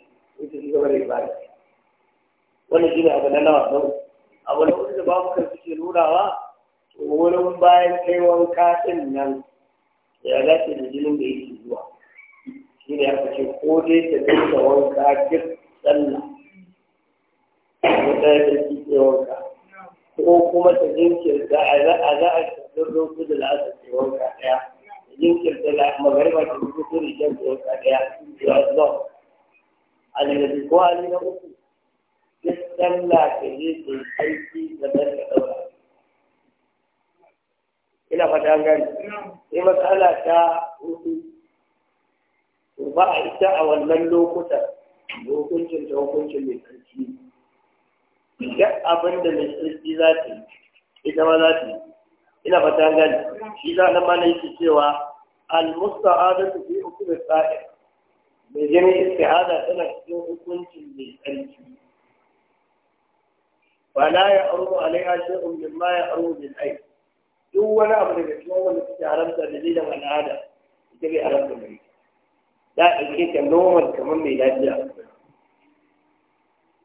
Speaker 1: ita shi gaba da ibada wannan shi ne abu na nawa abu na wanda ba mu kan suke nunawa wurin bayan kai wanka ɗin nan ya dace da jinin da yake zuwa shi ne aka ce ko dai ta dinga wanka duk sallah da ke wanka ko kuma ta jinkirta a za a za a shirin rufu da ke wanka ɗaya ta jinkirta da magariba ta rufu ta rikin ke wanka ɗaya to a zuwa a da ko hali na uku duk sallah ta je ta yi aiki da ɗaura ina fata gani sai matsala ta hudu ba a ita a wannan lokutan hukuncin ta hukuncin mai tsarki duk abin da mai tsarki za ta yi ita ma za ta yi ina fata gani shi za na mana yake cewa almusta mustaadatu fi hukm al-sa'ir mai jini istihada tana cikin hukuncin mai tsarki Ba na ya auru alaiha shay'un ma ya auru bil ayn duk wani abu daga cikin wanda suke haramta da zai da al'ada ita bai haramta da ita za a ɗauke ta normal kamar mai lafiya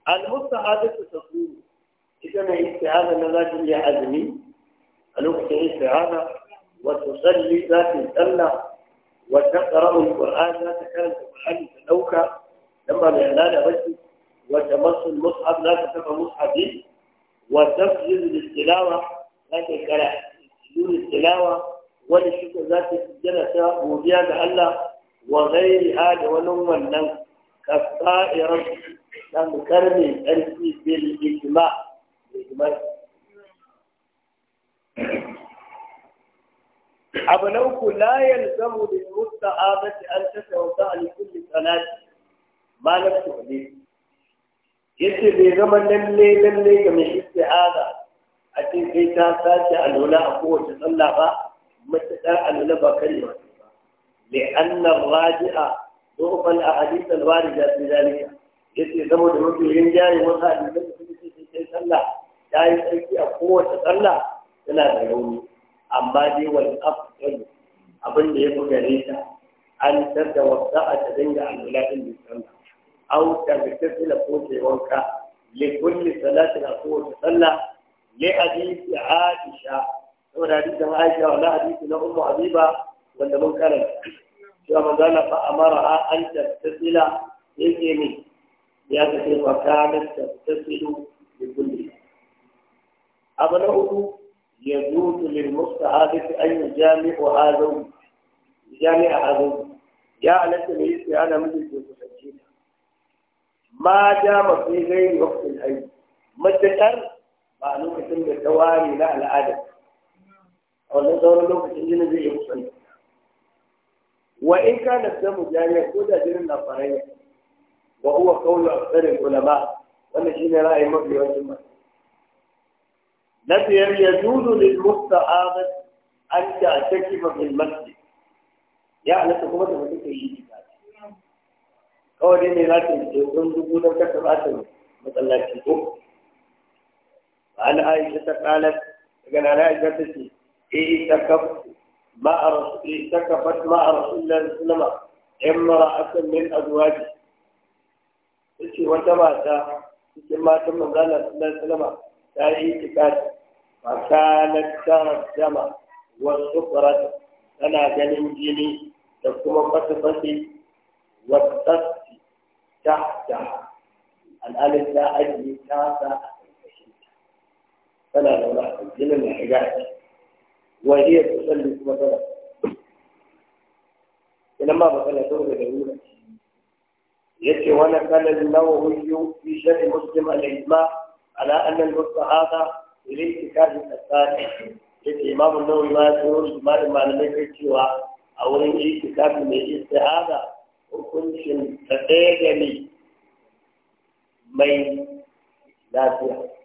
Speaker 1: al-mustahadatu tasuru ita mai istihada na zaki iya azumi a lokacin istihada wa tusalli za ta yi sallah wa taqra'u al-qur'an za ta karanta qur'ani ta dauka dan ba mai al'ada ba ce wa tamassu al-mushaf za ta taba mushafi wa tafjiz al-tilawa za ta yi nuna tilawa wani shuka za ta jana ta godiya ga Allah wa gairi ha da wani wannan kasa'irar tamkar mai ƙarfi bil ijma abu na uku la yalzamu lil musta'abati an tatawda al kulli salati ma nafsu ne yace bai zama lalle lalle ga mai isti'aza a cikin ta sace alula a kowace sallah ba matuƙar alula ba kare ba a a ضعف الأحاديث الواردة في ya ce zama da mafi yin jari wata cikin da suke cikin sai sallah ta yi tsarki a kowace sallah Yana da rauni amma dai wani afirkan abin da ya fi gare ta an tarda wata a ta dinga alwala ɗin da tsalla an ta ta sila wanka li salatin a kowace sallah li hadisi Aisha saboda hadisin Aisha wala hadisi na Ummu Habiba wanda mun karanta cewa manzo Allah fa amara an tattasila yake ne ya tafi fa bi يجوز للمستحدث أن يجامع هذا يجامع هذا يا لك ليس أنا مثل المسجد ما دام في غير وقت الحي متكر لوكتين بالدواري لا الادب والله دور لوكتين دي وان كان الدم جاري كودا دين النفرية وهو قول اكثر العلماء وانا شيني راي مبلي وانتم نبي يجوز للمستعاذ ان تعتكف في المسجد يعني تقوم بتلك الاجتهاد قول اني لكن تقوم بتلك الاجتهاد مثلا تقوم عن عائشة قالت قال عن عائشة تسي اعتكفت مع رسول اعتكفت مع رسول الله صلى الله عليه وسلم امرأة من أزواجه تسي وتماتا كما تم قال صلى الله عليه وسلم لا اعتكاف فكانت ترى الدم والسكرة أنا جنين جيني تكون فتفتي والتفتي تحتها الألف لا أجي تاسع tana da wani aljini mai shiga a ciki wani ya tsalli kuma tana idan ma mutum ya tsoro da wuri ce wani kanan nawa hujju fi shari'a muslim al-ijma ala annan rufa hada ilai tikari a tsari ya ce imamu nawa ma ya ma malamai kai cewa a wurin yi tikari mai istihada hukuncin ta ɗaya mai lafiya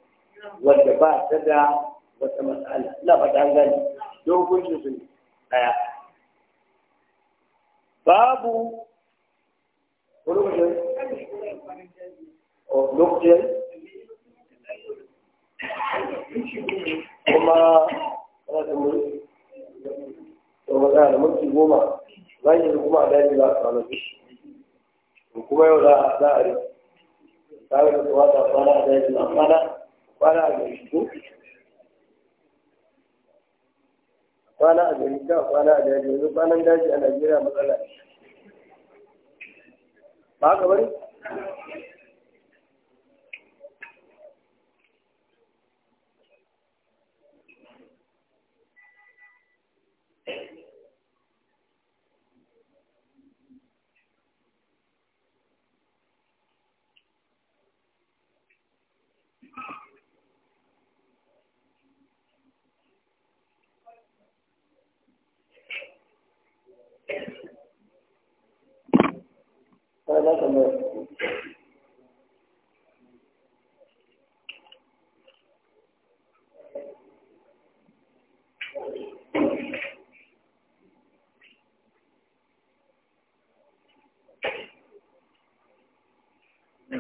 Speaker 1: wadda ba ta da wata matsala ina fata gani don hukunci daya babu lokacin oh, lokacin kuma ana tambayi to ba za da mulki goma za yi kuma a daji za a shi kuma yau za a ri tare da tsawata a daji na kwana kwana a gari ko kwana a gari ta kwana a daji yanzu kwanan daji a najeriya matsala ba ka to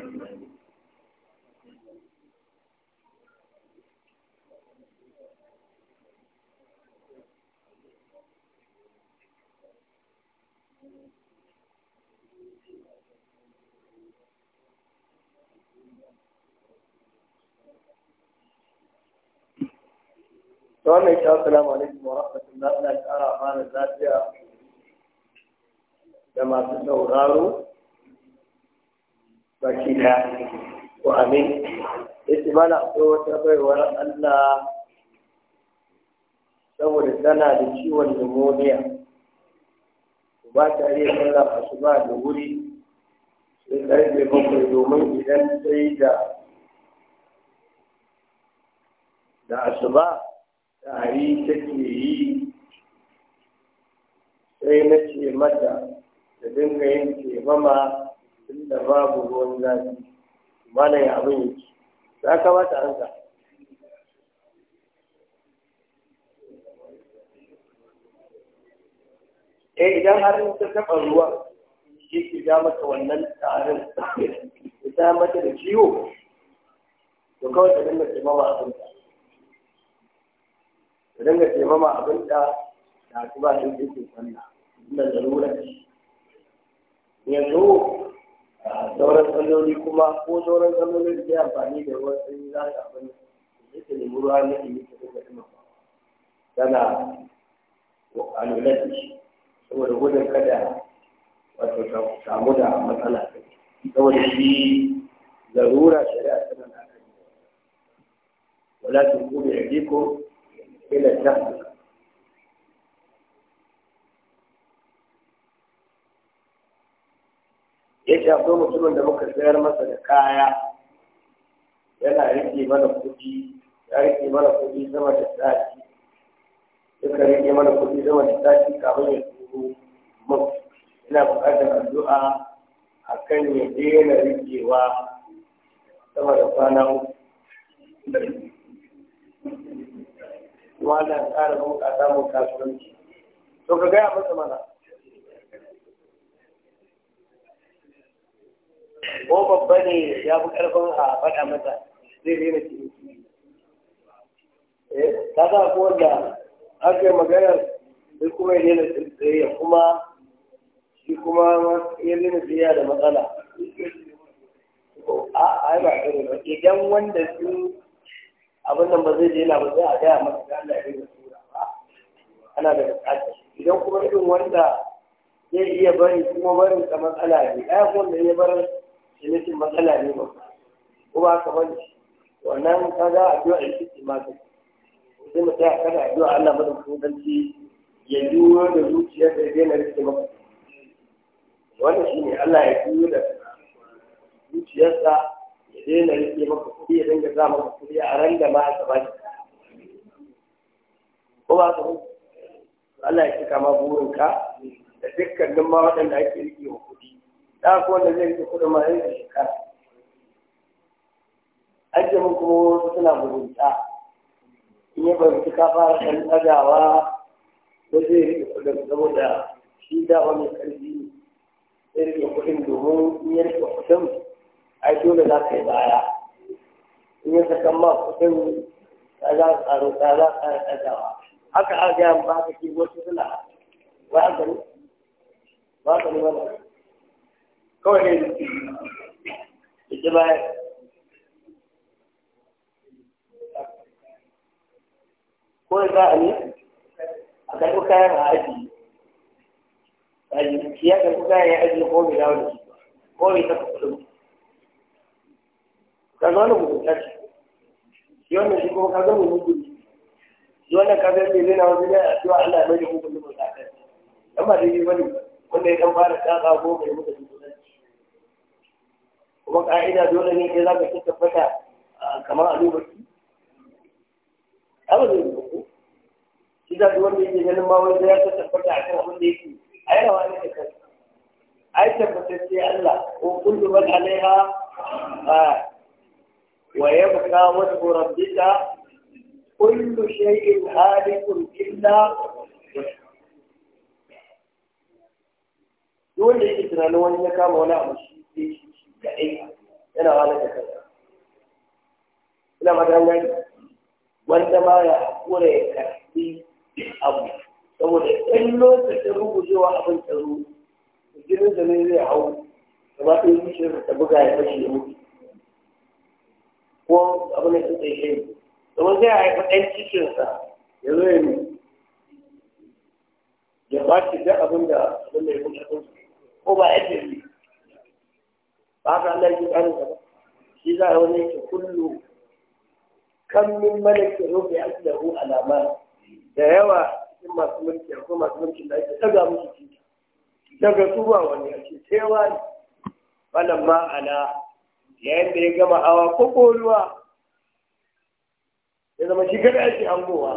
Speaker 1: wannan shi assalamu alaikum wa rahmatullah Allah ya kara mana lafiya da masu sauraro baki ɗaya ko amin yace mala akwai wata baiwar Allah saboda tana da ciwon pneumonia ba ta iya su ba da wuri sai karfe bakwai domin idan sai da da asuba tari take yi sai na ce mata da dinga yin mama. tunda babu ruwan zafi mana ya abin yake za ka ba ta hanka eh idan har ta taɓa ruwa shi ke ja mata wannan tarin ya ta mata da ciwo to kawai ta dinga taimama abin ta ta dinga taimama abin ta da su ba sun ke kwanna inda larura yanzu sauran tsalloli kuma ko sauran tsalloli da ya amfani da ruwan sanyi za ta abin da ke nemi ruwa na ɗumi ta da ɗuma tana alulati shi saboda gudun kada wato samu da matsala saboda shi zarura shari'a tana na kan wala tuqulu ko ila tahdiq ya ce akwai mutumin da muka sayar masa da kaya yana rike mana kuɗi ya rike mana kuɗi sama da sati duka rike mana kuɗi sama da sati kamar ya turo mun ina buƙatar addu'a a kan ya daina rikewa sama da kwana uku kuma tsarin ƙara bunƙasa samun kasuwanci to ka gaya masa mana ko babba ne ya fi ƙarfin a faɗa masa zai rena ciniki eh, ta sa ko wanda aka yi maganar sai kuma ya rena tsayayya kuma shi kuma ya rena tsayayya da matsala a ai ba ƙarfi ba idan wanda su abin nan ba zai daina ba sai a gaya masa ga Allah ya rena tsura ba ana da buƙatar idan kuma irin wanda zai iya bari kuma barin sa matsala ne ai da ya barin cinikin matsala ne ba ko ba ka bane wannan ka kaga addu'a ita ma ta sai mu ta kada addu'a Allah dan ci ya juyo da zuciya da daina rike maka wannan shine Allah ya juyo da zuciyarsa ya dena rike maka kuɗi ya dinga za maka kuɗi a ran da ma ka bashi ko ba ka bane Allah ya kika ma burinka da dukkanin ma waɗanda ake rike wa kudi da ko wanda zai rike kudin ma zai shekara ake mun kuma wasu suna mugunta in ya fahimci ka fara kan ɗagawa ba zai rike kuɗin saboda shi dama mai ƙarfi ne zai rike kuɗin domin in ya rike kudin ai dole za ka yi baya in ya saka ma kuɗin ka za ka tsaro ka za ka yi ɗagawa haka a gaya ba ka ke wasu suna ba ka ne ba ka ne ba kawai ne ita baya kawai za a ne a karɓi kayan a aji aji ya karɓi kayan ya aji ko bai dawo da shi ko bai taɓa kuɗin ka zo wani mutunta ce shi wannan shi kuma ka zo mai mutunci shi wannan ka zai zai na wasu ne a cewa Allah ya mai da mutunci mai sa kai dan ba daidai bane wanda ya dan fara tsaka ko bai mutunci kuma ka'ida dole ne sai za ka ci tabbata kamar a lokaci abu da yi shi za su wanda yake ganin ma wanda ya ta tabbata a kan abin da yake a yana wani da kai ai tabbatacce Allah ko kullu man alaiha wa yabqa wajhu rabbika kullu shay'in halikun illa duk wanda yake tunanin wani ya kama wani abu shi kaɗai yana wani da kansa ina magana gani wanda ma ya haƙura ya karɓi abu saboda ɗan lokacin rugujewa abin tsaro jinin da ne zai hau gaba ɗaya zuciyar ta buga ya fashe mu, ko abin da suka yi shi domin zai haifa ɗan cikinsa ya zo ya ya ba shi duk abin da abin da ya mutu ko ba ya ce ba Allah yake tsarin gaba? shi za a wani yake kullu kan min malaki rubi aslahu alama da yawa cikin masu mulki kuma masu mulki da ake daga musu cuta daga su ba wani ake cewa ne wannan ma ana yayin da ya gama awa ko koruwa ya zama shi gada ake hangowa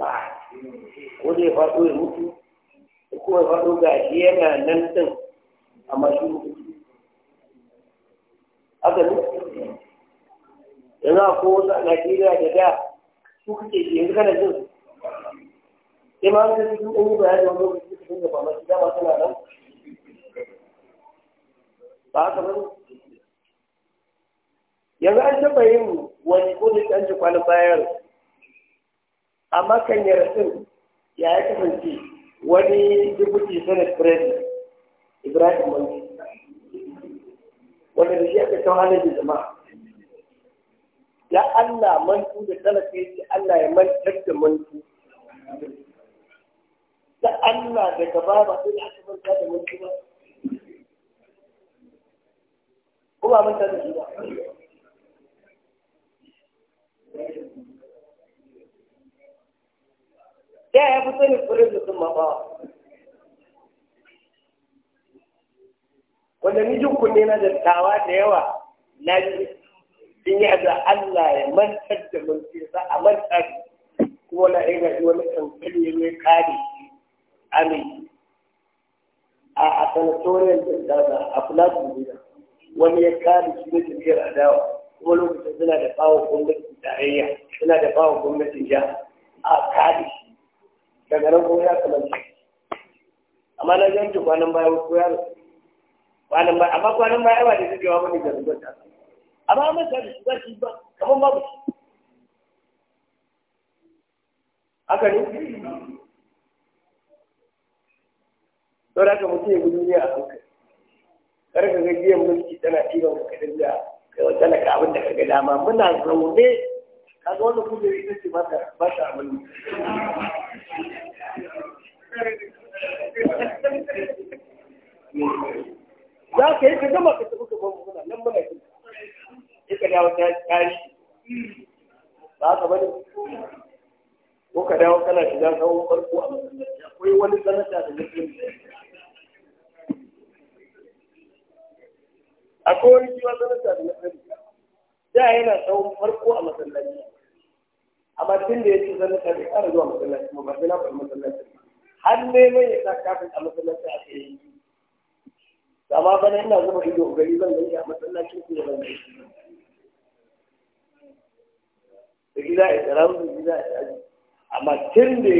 Speaker 1: ba ko zai faɗo ya mutu ko ya faɗo ga shi yana nan din amma shi ne haka ne yanzu akwai wasu a Najeriya da da su kake shi yanzu kana jin sai ma hankali sun ɗan yi bayani wani lokaci su dinga ba masu dama suna nan ba haka ba yanzu an taɓa yin wani kodin ɗan jikwanin bayan amma kan yarasin ya ya kasance wani dubuti senate president ibrahim wani wanda da shi aka tawalar da jama'a ya Allah mantu da talaka yake Allah ya mantar da mantu da Allah daga baba sai da aka manta da mantu ba manta da shi ba ya ya fi sani furin da sun mabawa wanda ni jin kunne na tawa da yawa na ji in yi da Allah ya mantar da mulki sa a mantar kuma na ina ji wani kankani ya mai kare amin a a sanatoriyar dattawa a kula da wani ya kare shi da jami'ar adawa kuma lokacin suna da bawa gwamnatin tarayya suna da bawa gwamnati jiha a kare shi daga nan kuma ya kamar amma na jan kwanan bayan kuma ya rasu kwanan ba amma kwanan ba yawa ne suke wa mani da zubar ta amma an masa da shiga shi ba kamar babu shi haka ne saboda haka mutum ya gudu ne a hankali kar ka ga biyan mulki tana ɗiban ka kaɗan da kai wa talaka abin da ka ga dama muna zaune kaga wanda kuma ita ce ba ta ba ta abin Thank you. za ka yi ka gama ka tafi ka bamu muna nan muna kin sai ka dawo ta kari ba ka bane ko ka dawo kana shiga tsawon farko a masallaci akwai wani sanata da nake akwai wani jiwa sanata da nake da yana tsawon farko a masallaci amma tun da ya ce sanata ya tsara zuwa masallaci ba ba sai na masallaci har neman ya sa kafin a masallaci a kai amma bana ina zuba ido gari zan gani a masallacin ku ban gani da gida a tsara mu gida a tsara amma tun da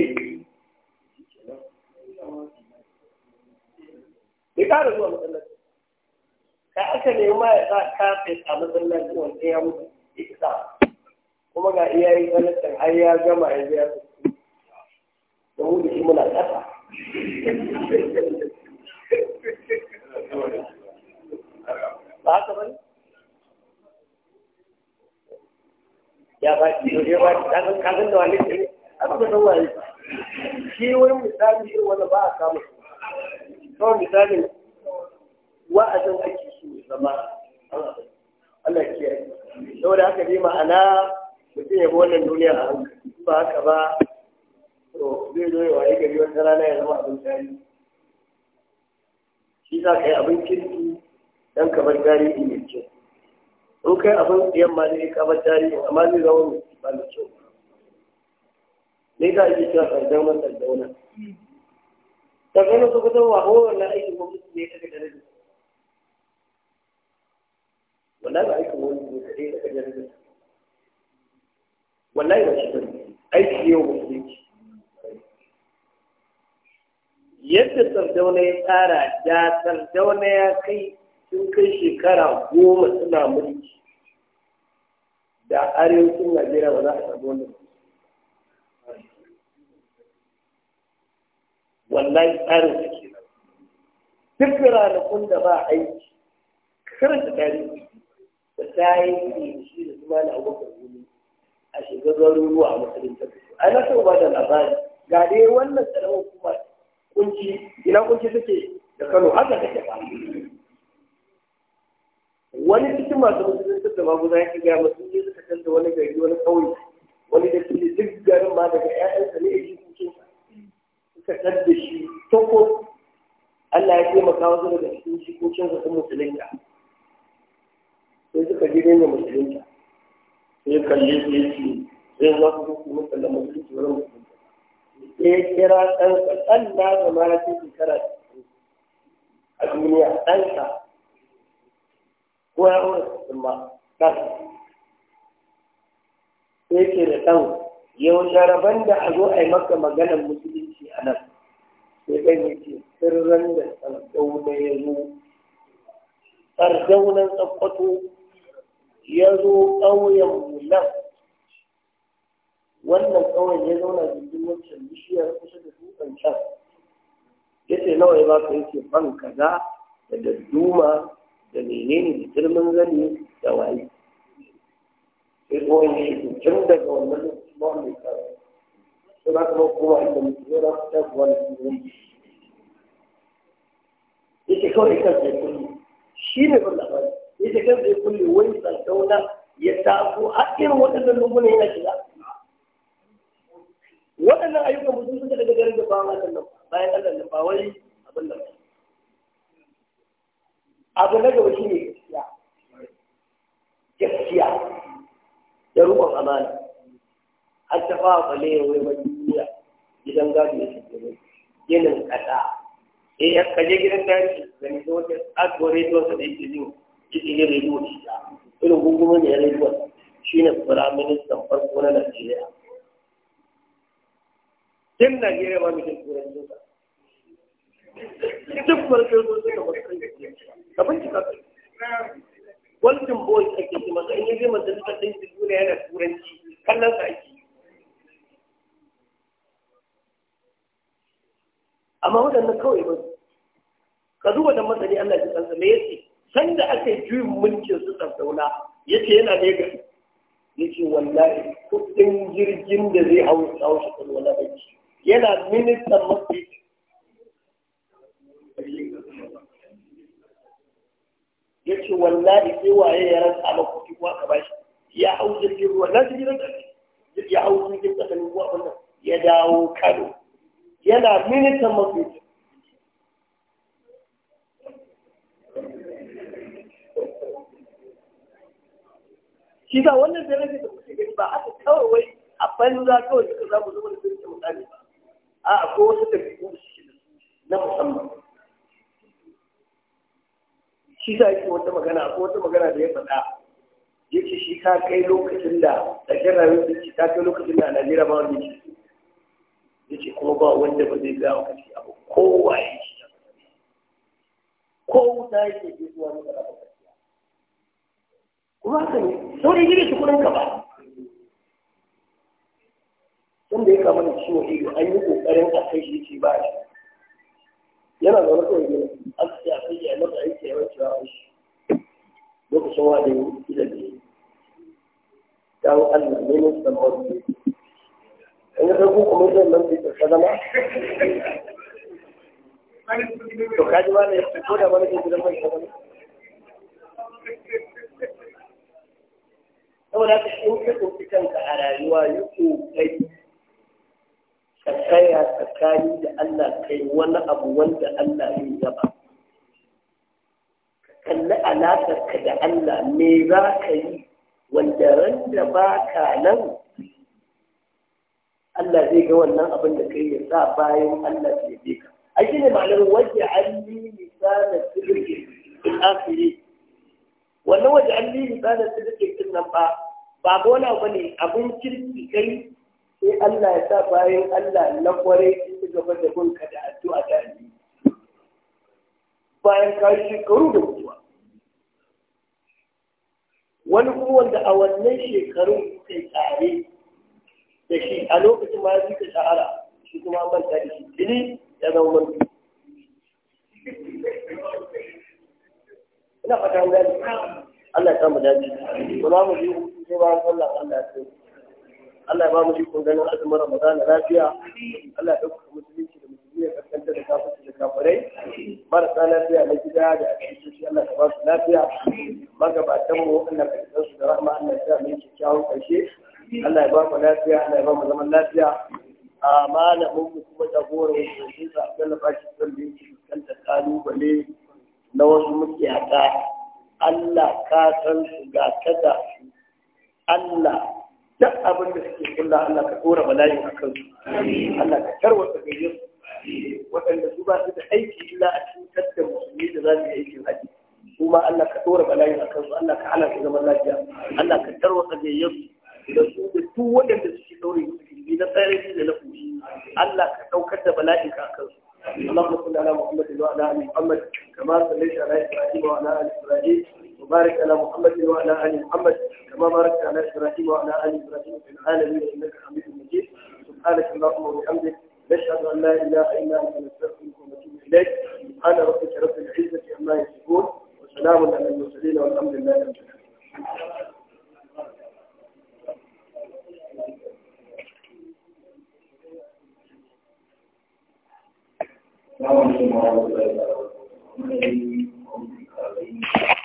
Speaker 1: ya ƙara zuwa matsalacin ka aka nema ya sa kafe a matsalacin wanda ya mutu isa kuma ga iyayen tsanantar har ya gama ya biya su da mu shi muna ƙasa ba ya ba shi ba kasan da wani ne aka ga shi wani misali irin wanda ba a samu kawai misalin wa'azin ake so zama Allah ke saboda haka ne ma'ana mutum ya wannan duniya a hankali ba haka ba to zai zo ya wani gari wata rana ya zama abin tarihi shi za ka yi abin kirki don kamar tarihi mai kyau ko kai abin ɗiyan ma ne ka tarihi amma zai zama mai ba mai kyau ne za a yi cewa sardan man sardauna sardauna su kusa wa hawa wannan aikin gwamnati ne ta daga daraja wallahi ba aikin gwamnati ne shi aiki yau ba su yadda sardauna ya tsara da sardauna ya kai sun kai shekara goma suna mulki da arewacin najeriya ba za a samu wannan wallahi tsarin su ke nan duk ranakun da ba aiki karanta ɗari da ta yi da shi da kuma na abokan wuni a shekarar ruwa a makarantar a nasarar ba da labari ga dai wannan tsarin kuma kunci ina kunci take da Kano haka take ba wani cikin masu musulunci da babu za ki gaya masu ne suka canza wani gari wani ƙauye wani da cikin duk garin ma daga ƴaƴansa ne yake kucin suka canza shi toko Allah ya taimaka wasu daga cikin shi kucin sa sun sai suka je ne musulunta sai kalle sai ce zai za su musulunta da musulunci wani musulunci sai ya kira ɗansa ɗan da ga marafin shekara a duniya ɗansa ko ya aure sun ba ɗan ya ke da ɗan yau jaraban da a zo a yi maka maganar musulunci a nan sai ɗan ya ce sirran da sardauna ya zo sardaunan tsakwato ya zo ƙauyen mu nan wannan tsawon ya zauna jirgin wancan bishiyar kusa da dutsen can ya ce nawa ya ba ka yake ban kaza da dadduma da menene da girman zani da waye sai tsohon ya shi tun daga wannan lokacin ba mai tsara sai za ka ba kowa inda mutum ya rasu ta kuwa da kuma ce kawai kan sai kulle shi ne ban labari ce kan sai kulli wani tsantsau ya tafi a irin waɗannan lumbunan yana shiga waɗannan ayyukan mutum suka daga garin da ba ma nan bayan Allah nan ba wai abin ba. abu na gaba shi ne gaskiya gaskiya da rukun amana har ta fara bale ya wai wani duniya gidan gado ya shige ne, ginin kasa eh ya je gidan tashi gani ta wata agore ta wata da yake jin cikin yin rediyo shi ta irin gungumin ne ya rediyo shi ne firaministan farko na Najeriya din Najeriya ba mu jin turanci ba duk farkon sun suka ba su ka bincika su walton boy ake ji masa in yi zai majalisar ɗinkin duniya yana turanci kallon sa ake amma waɗannan kawai ba su, ka duba da masani Allah ya kansa me yace sanda aka yi juyin mulkin su Sardauna yace yana da Lagos yace wallahi kudin jirgin da zai hau shi kan wani bai yana ministan mafi ya ce wallahi sai waye ya rasa ma kuɗi kuma ka bashi ya hau jirgin ruwa na jirgin ruwa ya hau jirgin tsakanin ruwa wannan ya dawo kano yana ministan mafi shi sa wannan zai rage da kuke gani ba aka kawai a banza kawai suka zamu zama da sirrin mutane ba a akwai wasu ɗabi'u da suke da su na musamman shi sa yake wata magana ko wata magana da ya faɗa ya ce shi ta kai lokacin da tsakiyar rayuwar da ta kai lokacin da a najeriya ba wanda ke ya ce kuma ba wanda ba zai gaya wa kashi abu kowa ya shi ko wuta yake ke zuwa ne ba kuma haka ne saurayi ne shi kuɗin ka ba inda ya kama da ciwo ido an yi kokarin a kai shi ce ba shi yana da wata wajen an ce a kai ya masa aiki ya wanke wa shi lokacin wani ila da ya kawo allah neman sanarwa da in ya ɗauko kuma zai nan bai tsarka zama to kaji ma ne ko da mana ke gidan mai zama saboda haka in ka ɗauki kanka a rayuwa yi ƙoƙari ka tsakani da Allah kai wani abu wanda Allah ya yaba ka kalli alaƙarka da Allah me za ka yi wanda ran da ba ka nan Allah zai ga wannan abin da kai ya sa bayan Allah zai bi ka a shi ne ma'anar waje an yi da sirri in akiri wannan waje an yi da sirri din nan ba ba bola wani abin kirki kai sai Allah ya sa bayan Allah na kwarai su gaba da bunka da addu'a da ni bayan ka yi shekaru da mutuwa wani kuma wanda a wannan shekarun kai tare da shi a lokacin ma ya fi ka shi kuma an manta da shi jini ya zama mantu ina fata gani Allah ya samu dace ba za mu ba, sai bayan Allah Allah ya tsaye Allah ya ba mu shi kun ganin azumin Ramadan lafiya Allah ya dauka musulunci da musulmi ya kaskanta da kafirci da kafirai marasa lafiya na gida da asibitoci Allah ya ba su lafiya magabatan mu Allah ya kasan su da rahama Allah ya sa mu yi kyakkyawan ƙarshe. Allah ya ba mu lafiya Allah ya ba mu zaman lafiya a malamin mu kuma jagoran wasu da Allah ba shi son da yake fuskantar kalubale na wasu mutiyata Allah ka san su ga kada Allah duk abin da suke kulla Allah ka tsora bala'i a kansu Allah ka tarwata gare su waɗanda su ba su da aiki illa a cikin da musulmi da za su yi aikin haji su ma Allah ka tsora bala'i a kansu Allah ka hana su zaman lafiya Allah ka tarwata gare su da su da duk waɗanda suke ɗaure musulmi na tsarari da na kushi Allah ka ɗaukar da bala'i a kansu اللهم صل على محمد وعلى ال محمد كما صليت على ابراهيم وعلى ال ابراهيم وبارك على محمد وعلى آل محمد كما باركت على إبراهيم وعلى آل إبراهيم في العالمين إنك حميد مجيد سبحانك اللهم وبحمدك نشهد أن لا إله إلا أنت نستغفرك ونتوب إليك سبحان ربك رب العزة عما يصفون وسلام على المرسلين والحمد لله رب العالمين Thank you.